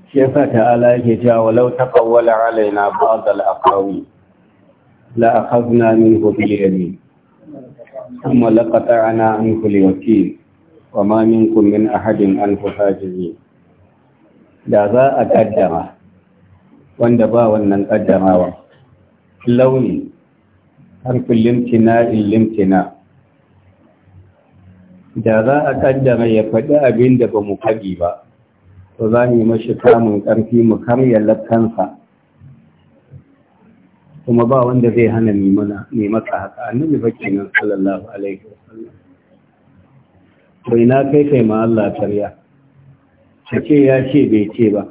shi yasa ta'ala yake cewa walau taqawwala alaina ba'd al-aqawi la akhadna minhu bil yamin thumma laqata'na minhu al-wakin wa ma minkum min ahadin an hajizin da za a kaddara wanda ba wannan launi da za a ya faɗi abinda ba mu ba to za mu yi mashi kamun ƙarfi mu karya lattansa kuma ba wanda zai hana mai maka haka annabi fa kenan sallallahu alaihi sallam to ina kai kai ma Allah karya ka ce ya ce bai ce ba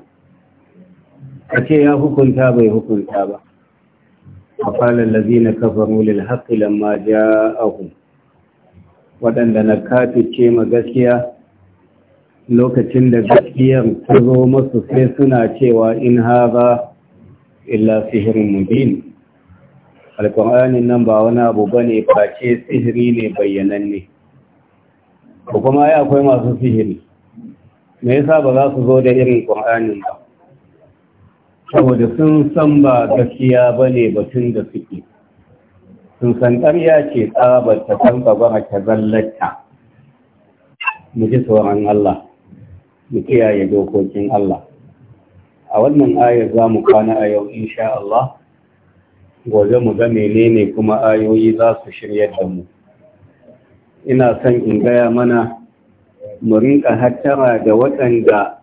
ka ce ya hukunta bai hukunta ba A وقال kafaru lil للحق لما ja'ahu waɗanda na kafice ma gaskiya lokacin da gaskiyar ta zo masu sai suna cewa in ba illa sihirin mubin alƙur'anin nan ba wani abu ba ne face sihiri ne bayyananne ko kuma ya akwai masu sihiri me yasa ba za su zo da irin ƙur'ani ba saboda sun san ba gaskiya ba ne batun da suke sun san ƙarya ce tsabar ta san ba a ta zallata mu ji tsoron Allah mu kiyaye dokokin Allah a wannan ayar za mu kwana a yau insha Allah gobe mu ga menene kuma ayoyi za su shirya da mu ina son in gaya mana mu rinka hattara da waɗanda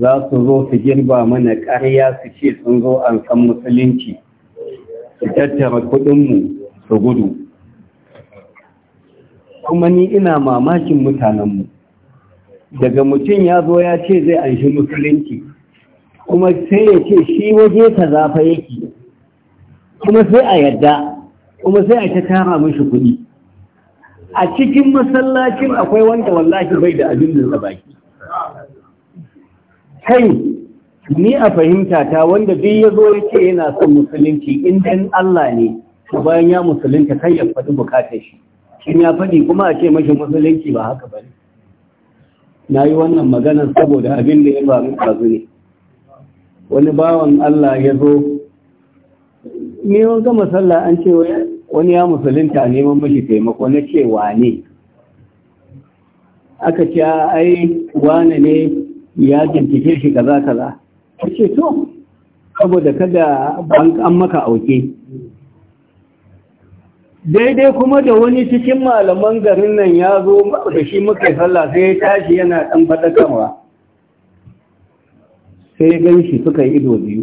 za su zo su girba mana ƙarya su ce sun zo an san musulunci su tattara kuɗinmu su gudu kuma ni ina mamakin mutanenmu daga mutum ya zo ya ce zai anshi musulunci kuma sai ya ce shi waje ka zafa yake kuma sai a yadda kuma sai a ta tara mishi kuɗi a cikin masallacin akwai wanda wallahi bai da abin da baki kai ni a fahimta ta wanda biyu ya zo ya ce yana son musulunci in Allah ne bayan ya musulunta kai ya faɗi bukatar shi in ya faɗi kuma a ce mashi musulunci ba haka ba ne. na yi wannan maganar saboda abin da ya faru ɗazu ne wani bawan Allah ya zo neman gama sallah an ce wani ya musulunta neman mashi taimako na ce ne. aka ce ai wane ne ya jinkike shi kaza kaza ce to saboda kada an maka auke daidai kuma da wani cikin malaman garin nan ya zo da shi muka sallah sai ya tashi yana ɗan faɗakarwa sai gan shi suka yi ido biyu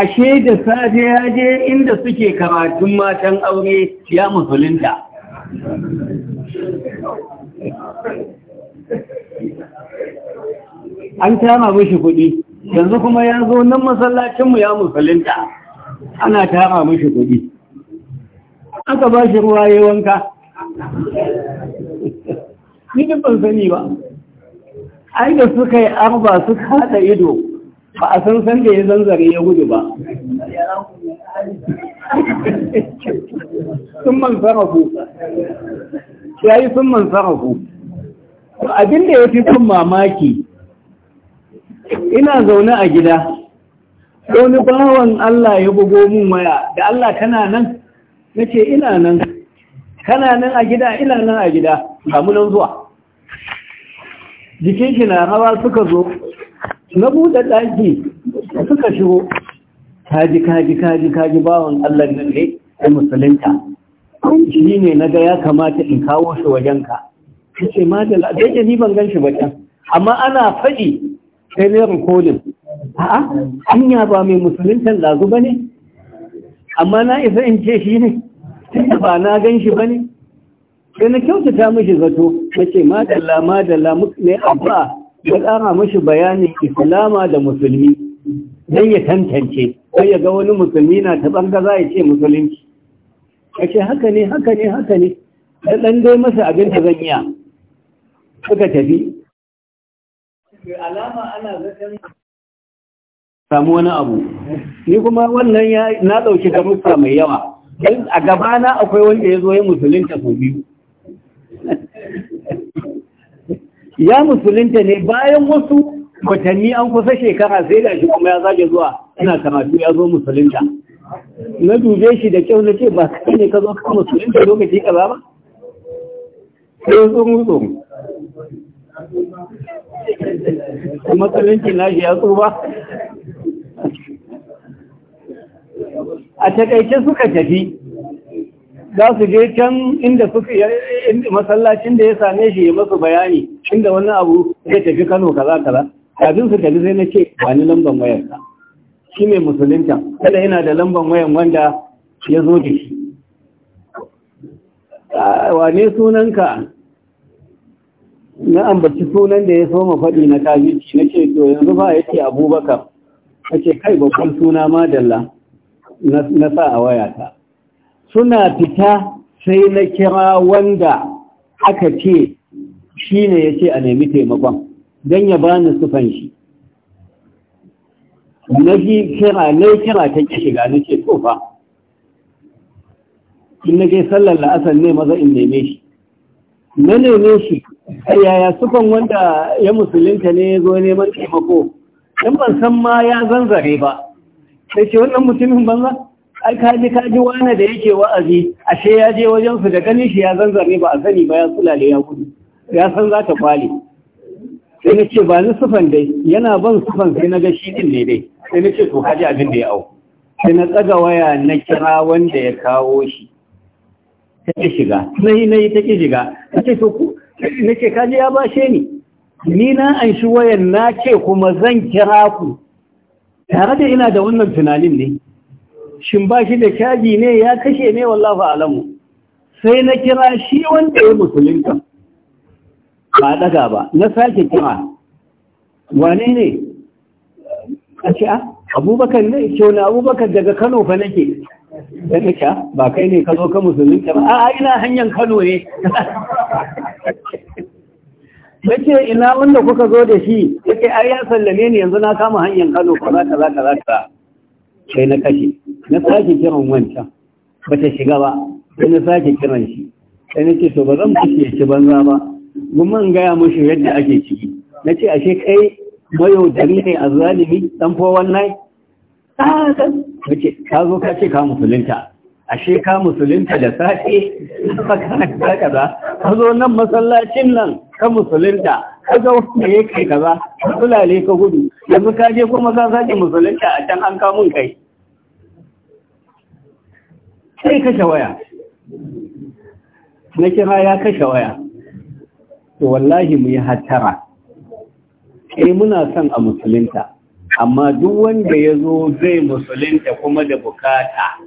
ashe da safe ya je inda suke karatun matan aure ya musulunta an tama mishi kuɗi yanzu kuma ya zo nan masallacinmu ya musulunta ana tama mishi kuɗi aka ba shi ruwa ya wanka ni ban sani ba ai da suka yi arba suka kada ido ba a san san da ya zanzare ya gudu ba sun man sarrafu ya yi sun man sarrafu abinda ya fi sun mamaki ina zaune a gida wani bawan Allah ya bugo mun waya da Allah tana nan na ce ina nan kana nan a gida ina nan a gida mu nan zuwa jikin shi na hawa suka zo na buɗe ɗaki suka shigo kaji kaji kaji kaji bawan Allah nan ne a musulunta shi ne na ga ya kamata in kawo shi wajenka ka ce ma da lafiya ni ban gan shi ba can amma ana faɗi sai ne rikodin a'a hanya ba mai musuluntan lazu ba ne amma na isa in ce shi ne tunda ba na gan shi ba ne sai na kyautata mashi zato na ce madalla madalla ne abba ya ƙara mashi bayanin islama da musulmi don ya tantance don ya ga wani musulmi na ta za ya ce musulunci ya ce haka ne haka ne haka ne da ɗan dai masa abin da zan iya suka tafi alama ana zaton samu wani abu ni kuma wannan ya na ɗauki garuka mai yawa a gabana akwai wanda ya zo ya musulunta sau biyu (laughs) ya musulunta ne bayan wasu kwatanni an kusa shekara sai da shi kuma ya zage zuwa ina karatu ya zo musulunta na dube shi da kyau na ce ba kai ne ka zo ka musulunta lokaci kaza ba sai tsoron kuma musulunci na shi ya tsoba a takaice suka tafi za su je can inda suka masallacin da ya same shi ya masu bayani inda wannan abu ya tafi Kano kaza kaza kafin su tafi sai na ce wani lamban wayar ka shi mai musulunta kada yana da lamban wayan wanda ya zo da shi wane sunanka na ambaci sunan da ya soma faɗi na kaji na ce to yanzu ba ya ce abubakar A ce kai babban suna madalla na sa a wayata suna fita sai na kira wanda aka ce shi ne ya ce a nemi taimakon don ya bani sufan shi na ji kira na kira ta ke shiga na ce tsofa in na je sallar la'asar ne maza in neme shi na neme shi yaya sufan wanda ya musulunta ne ya zo neman taimako in ban san ma ya zanzare ba sai ce wannan mutumin banza ai ka ji ka ji wani da yake wa'azi ashe ya je wajen su da ganin shi ya zanzare ba a sani ba ya sulale ya gudu ya san za ta kwale sai na ce ba ni sufan dai yana ban sufan sai na ga shi din ne dai sai na ce to haji abin da ya au sai na tsaga waya na kira wanda ya kawo shi ta ki shiga na yi na yi ta ki shiga na ce to ku na ce kaji ya bashe ni ni na an shi wayan na ce kuma zan kira ku tare da ina da wannan tunanin ne shin ba shi da caji ne ya kashe ne wallafa alamu sai na kira shi wanda ya musulunta ba daga ba na sake kira wane ne a ce a abubakar ne ce wani abubakar daga kano fa nake da nake ba kai ne ka zo ka musulunta ba a ina hanyar kano ne (laughs) ce ina wanda kuka zo da shi ce ai ya sallame ni yanzu na kama hanyar Kano kaza kaza kaza kaza sai na kashe na sake kiran wancan bata shiga ba sai na sake kiran shi sai ce to ba zan kashe shi banza ba kuma in gaya mushi yadda ake ciki nace ashe kai dari ne a zalimi dan fowan nai. ah ce ka zo ka ce ka musulunta ashe ka musulunta da safe ka kaza ka zo nan masallacin nan ka musulunta ka ga wanda ya kai kaza ka tulale ka gudu yanzu ka je kuma ka sake musulunta a can an kamun kai sai kashe waya na kira ya kashe waya to wallahi mu yi hattara eh muna son a musulunta amma duk wanda ya zo zai musulunta kuma da bukata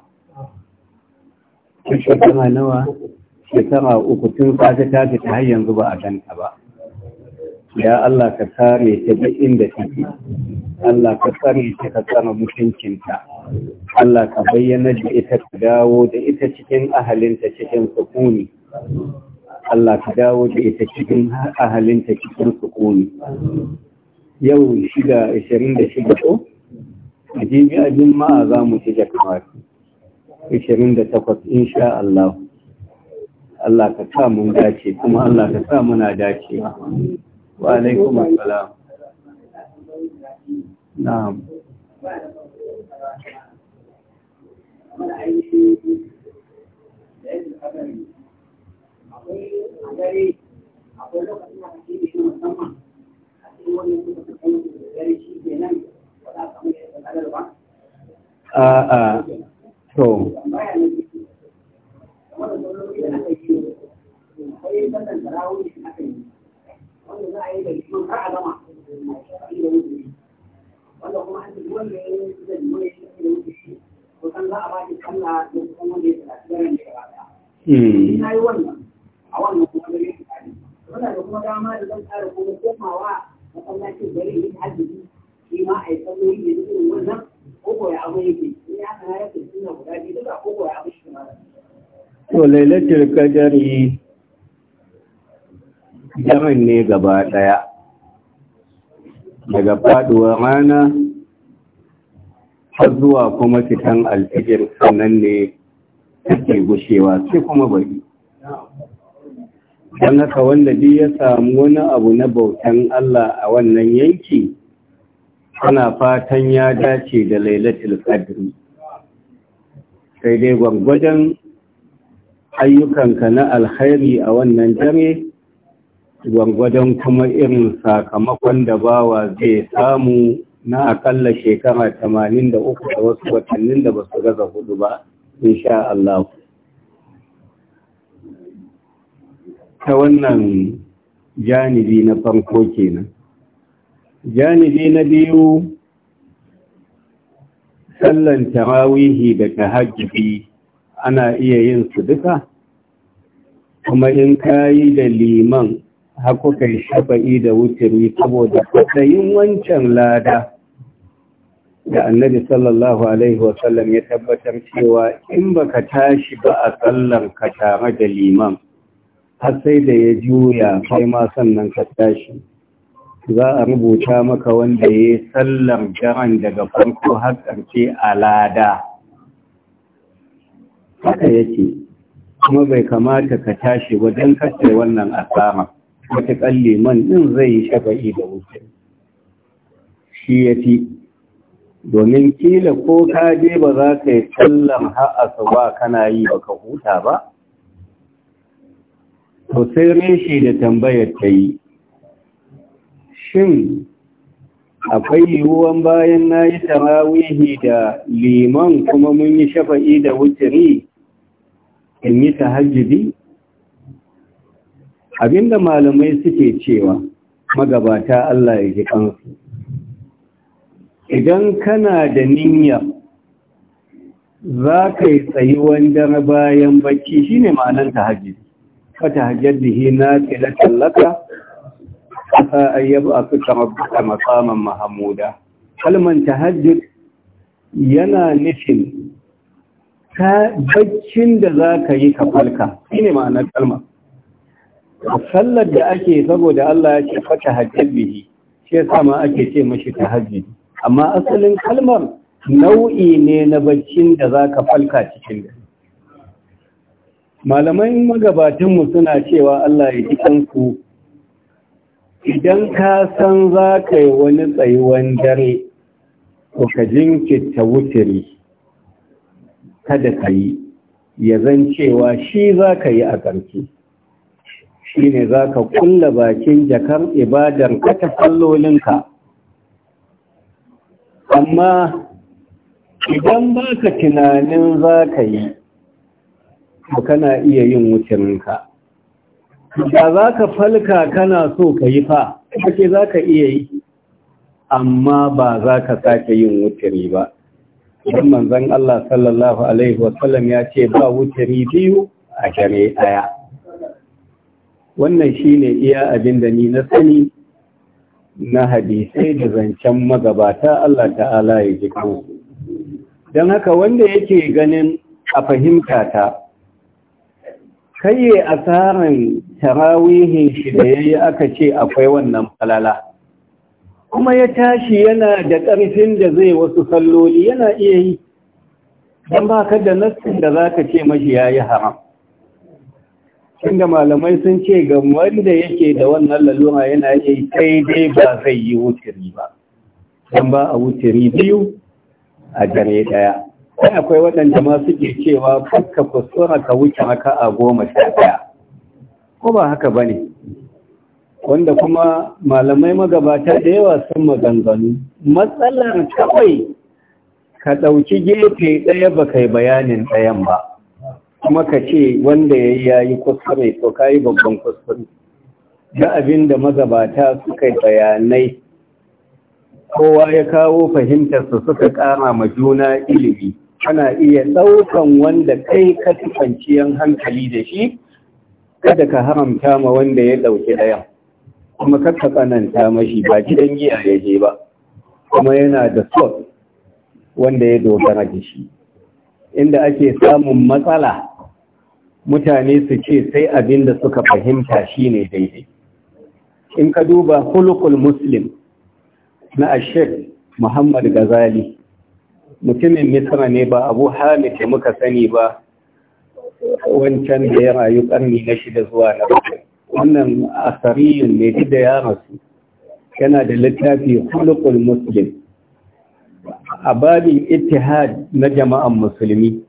ta shekara nawa shekara uku tun fata ta fita har yanzu ba a ganta ba ya Allah ka kare ta duk inda take Allah ka tsare ta ka tsara mutuncinta Allah ka bayyana da ita ka dawo da ita cikin ahalinta cikin sukuni Allah ka dawo da ita cikin ahalinta cikin sukuni yau shiga 26 ko a jibi juma'a za mu shiga kamar 28 insha Allah Allah ka sa mun dace kuma Allah ka sa muna dace wa alaikum assalam na'am a'a to komawa masallaci gari yin hajji shi ma a yi sauri da wannan koko ya abu yake ne gaba daya daga faduwar rana har zuwa kuma fitan alfijir sannan ne take gushewa sai kuma bari don haka wanda duk ya samu wani abu na bautan Allah a wannan yanki ana fatan ya dace da lailatul qadri sai dai gwangwajen ayyukanka na alkhairi a wannan dare gwangwajen kuma irin sakamakon da bawa zai samu na akalla shekara 83 da wasu watannin da ba su gaza hudu ba insha Allah ta wannan janibi na farko kenan janibi na biyu sallan tarawihi da tahajjudi ana iya yin su duka kuma in kayi da liman hakukan shafa'i da wuturi saboda kwaɗayin wancan lada da annabi sallallahu alaihi wasallam ya tabbatar cewa in baka tashi ba a sallar ka tare da liman har sai da ya juya kai ma sannan ka tashi za a rubuta maka wanda ya yi sallar jiran daga farko har ƙarfe a lada haka yake kuma bai kamata ka tashi wajen kashe wannan asama matuƙan liman ɗin zai yi shafa'i da wuce shi ya fi domin kila ko ka je ba za ka yi sallar ha'asa ba kana yi ba ka huta ba to sai reshe da tambayar ta yi shin akwai yiwuwan bayan na yi tarawihi da liman kuma mun yi shafa'i da wuturi in yi ta hajjibi? abinda malamai suke cewa magabata Allah ya ji kansu idan kana da niyya za ka yi tsayuwan dare bayan bacci shine ma'anar ta hajji ka tahajjudi na tilaka laka a أن يبعثك ربك makaman mahamuda kalman tahajjud yana nufin ta baccin da za ka yi ka falka shi ne ma'anar kalma sallar da ake saboda Allah ya ce fa tahajjud bihi shi ya ma ake ce mashi tahajjud amma asalin kalmar nau'i ne na baccin da za ka falka cikin da Malaman magabatanmu suna cewa Allah ya ji kanku idan ka san za ka yi wani tsayuwan dare ko ka jinkirta wuturi kada ka yi ya zan cewa shi za ka yi a ƙarfi shi ne za ka kulla bakin jakar ibadar kata sallolinka amma idan ba ka tunanin za ka yi to kana iya yin wuturinka da za ka falka kana so ka yi fa kake za ka iya yi amma ba za ka sake yin wuturi ba don manzan Allah sallallahu Alaihi wasallam ya ce ba wuturi biyu a jare ɗaya wannan shi ne iya abin da ni na sani na hadisai da zancen magabata Allah ta'ala ya ji don haka wanda yake ganin a fahimta ta Kaiya a tsarin tarawihin shi da ya yi aka ce akwai wannan falala kuma ya tashi yana da ƙarfin da zai wasu salloli yana iya yi don ba ka da nassin da za ka ce mashi ya yi haram inda malamai sun ce ga wanda yake da wannan lalura yana iya yi kai dai ba zai yi wuturi ba don ba a wuturi biyu a dare daya sai akwai waɗanda ma suke cewa kakka kuskura ka wuce maka a goma sha ɗaya ko ba haka ba ne wanda kuma malamai magabata da yawa sun maganganu matsalar kawai ka ɗauki gefe ɗaya ba kai bayanin ɗayan ba kuma ka ce wanda ya yi kuskure to ka yi babban kuskure da abin da magabata suka bayanai kowa ya kawo fahimtarsa suka ƙara ma juna ilimi kana iya ɗaukan wanda kai ka fi kwanciyar hankali da shi kada ka haramta ma wanda ya ɗauki ɗayan kuma kakka tsananta mashi ba gidan giya ya je ba kuma yana da sot wanda ya dogara da shi inda ake samun matsala mutane su ce sai abin da suka fahimta shi ne daidai in ka duba hulukul muslim na ashir muhammad gazali mutumin misra ne ba abu hamid da muka sani ba wancan da ya rayu karni na shida zuwa na bakwai wannan asariyun ne duk da ya rasu yana da littafi hulukul muslim a babin ittihad na jama'an musulmi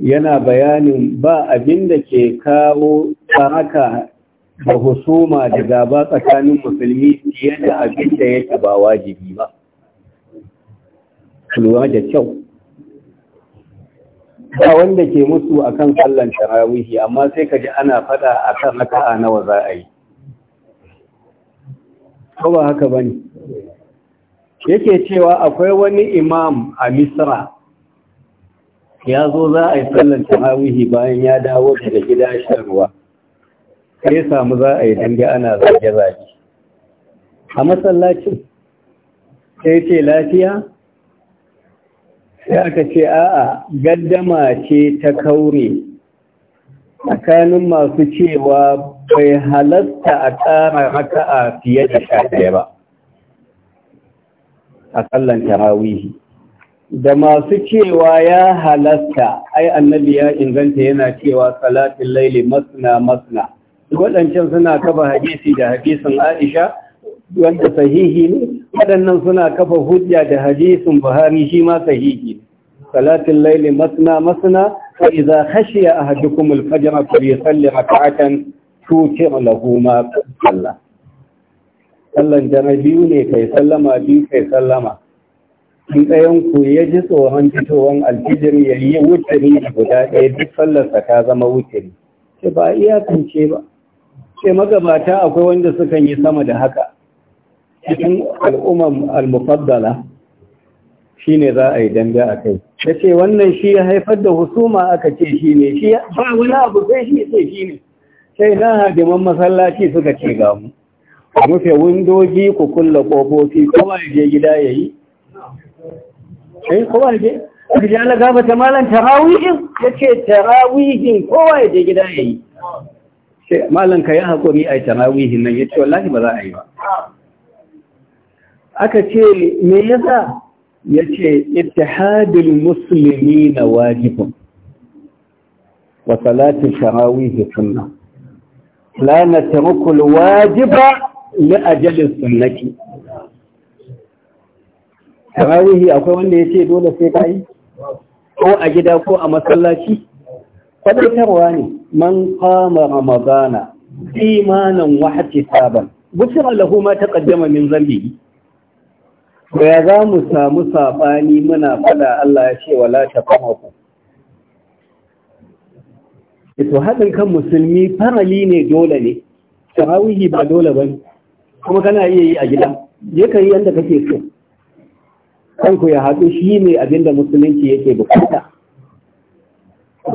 yana bayanin ba abin da ke kawo tsaraka da husuma da gaba tsakanin musulmi fiye da abin da yake ba wajibi ba lura da kyau ba wanda ke mutu akan sallan tarawihi amma sai ka ji ana fada kan raka'a nawa za a yi ko ba haka bane yake cewa akwai wani imam a misra ya zo za a yi sallan tarawihi bayan ya dawo daga gida shan ruwa sai samu za a yi dangi ana zage-zage a masallacin sai ce lafiya sai aka ce a'a gaddama ce ta kaure tsakanin masu cewa bai halatta a tsara haka a fiye da sha ɗaya ba a tsallon tarawihi da masu cewa ya halatta ai annabi ya inganta yana cewa salatin laili masna masna waɗancan suna kaba hadisi da hadisin aisha wanda sahihi ne waɗannan suna kafa hujja da hadisin buhari shi ma sahihi salatin laili masna masna fa idza khashiya ahadukum al-fajr fa yusalli rak'atan tutir lahu ma salla sallan jana biyu ne kai sallama biyu kai sallama in ɗayan ku ya ji tsoron fitowar alfijir ya yi wuturi da guda ɗaya duk sallarsa ta zama wuturi ce ba iya iyakance ba ce magabata akwai wanda sukan yi sama da haka cikin al'umman al-mufaddala shine za a yi dambe a kai Ya ce wannan shi ya haifar da husuma aka ce shi ne shi ba wani abu sai shi ce shi ne sai na hadiman masallaci suka ce ga mu rufe windoji ku kulla kofofi kowa ya je gida ya yi sai eh, kowa je aka ji ala gaba ta malam tarawihin ya ce tarawihin kowa ya je gida ya yi sai malam ka yi haƙuri a tarawihin nan ya ce wallahi ba za a yi ba aka ce me yasa yace ittihadul muslimina wajibun wa salatu sharawih sunna la natruku wajiba li ajali sunnati sharawih akwai wanda ya ce dole sai kai ko a gida ko a masallaci Faɗaitarwa ne man qama ramadana imanan wa saban gufira lahu ma taqaddama min zambi. ya za mu samu saɓani muna faɗa Allah ya ce wala ta kama ku. Ito haɗin kan musulmi farali ne dole ne, tarawihi ba dole ba ne, kuma kana iya yi a gida, je ka yi yadda kake so. Kanku ya haɗu shi ne abinda musulunci yake bukata.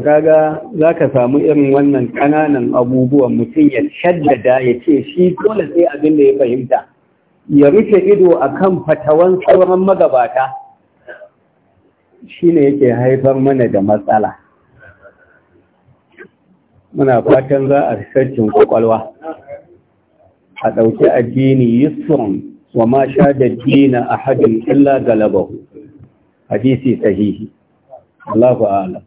Kaga za ka samu irin wannan ƙananan abubuwan mutum ya shaddada ya ce shi dole sai abinda ya fahimta. ya rufe ido a kan fatawan sauran magabata Shi ne yake haifar mana da matsala muna fatan za a sarkin kwakwalwa a ɗauki addini Yusuf, wa ma sha da dina a hadin illa galabahu hadisi sahihi ku ala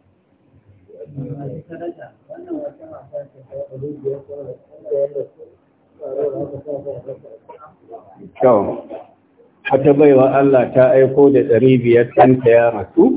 Thank you. kyau wata baiwa Allah ta aiko da ɗari biyar ɗanta ya rasu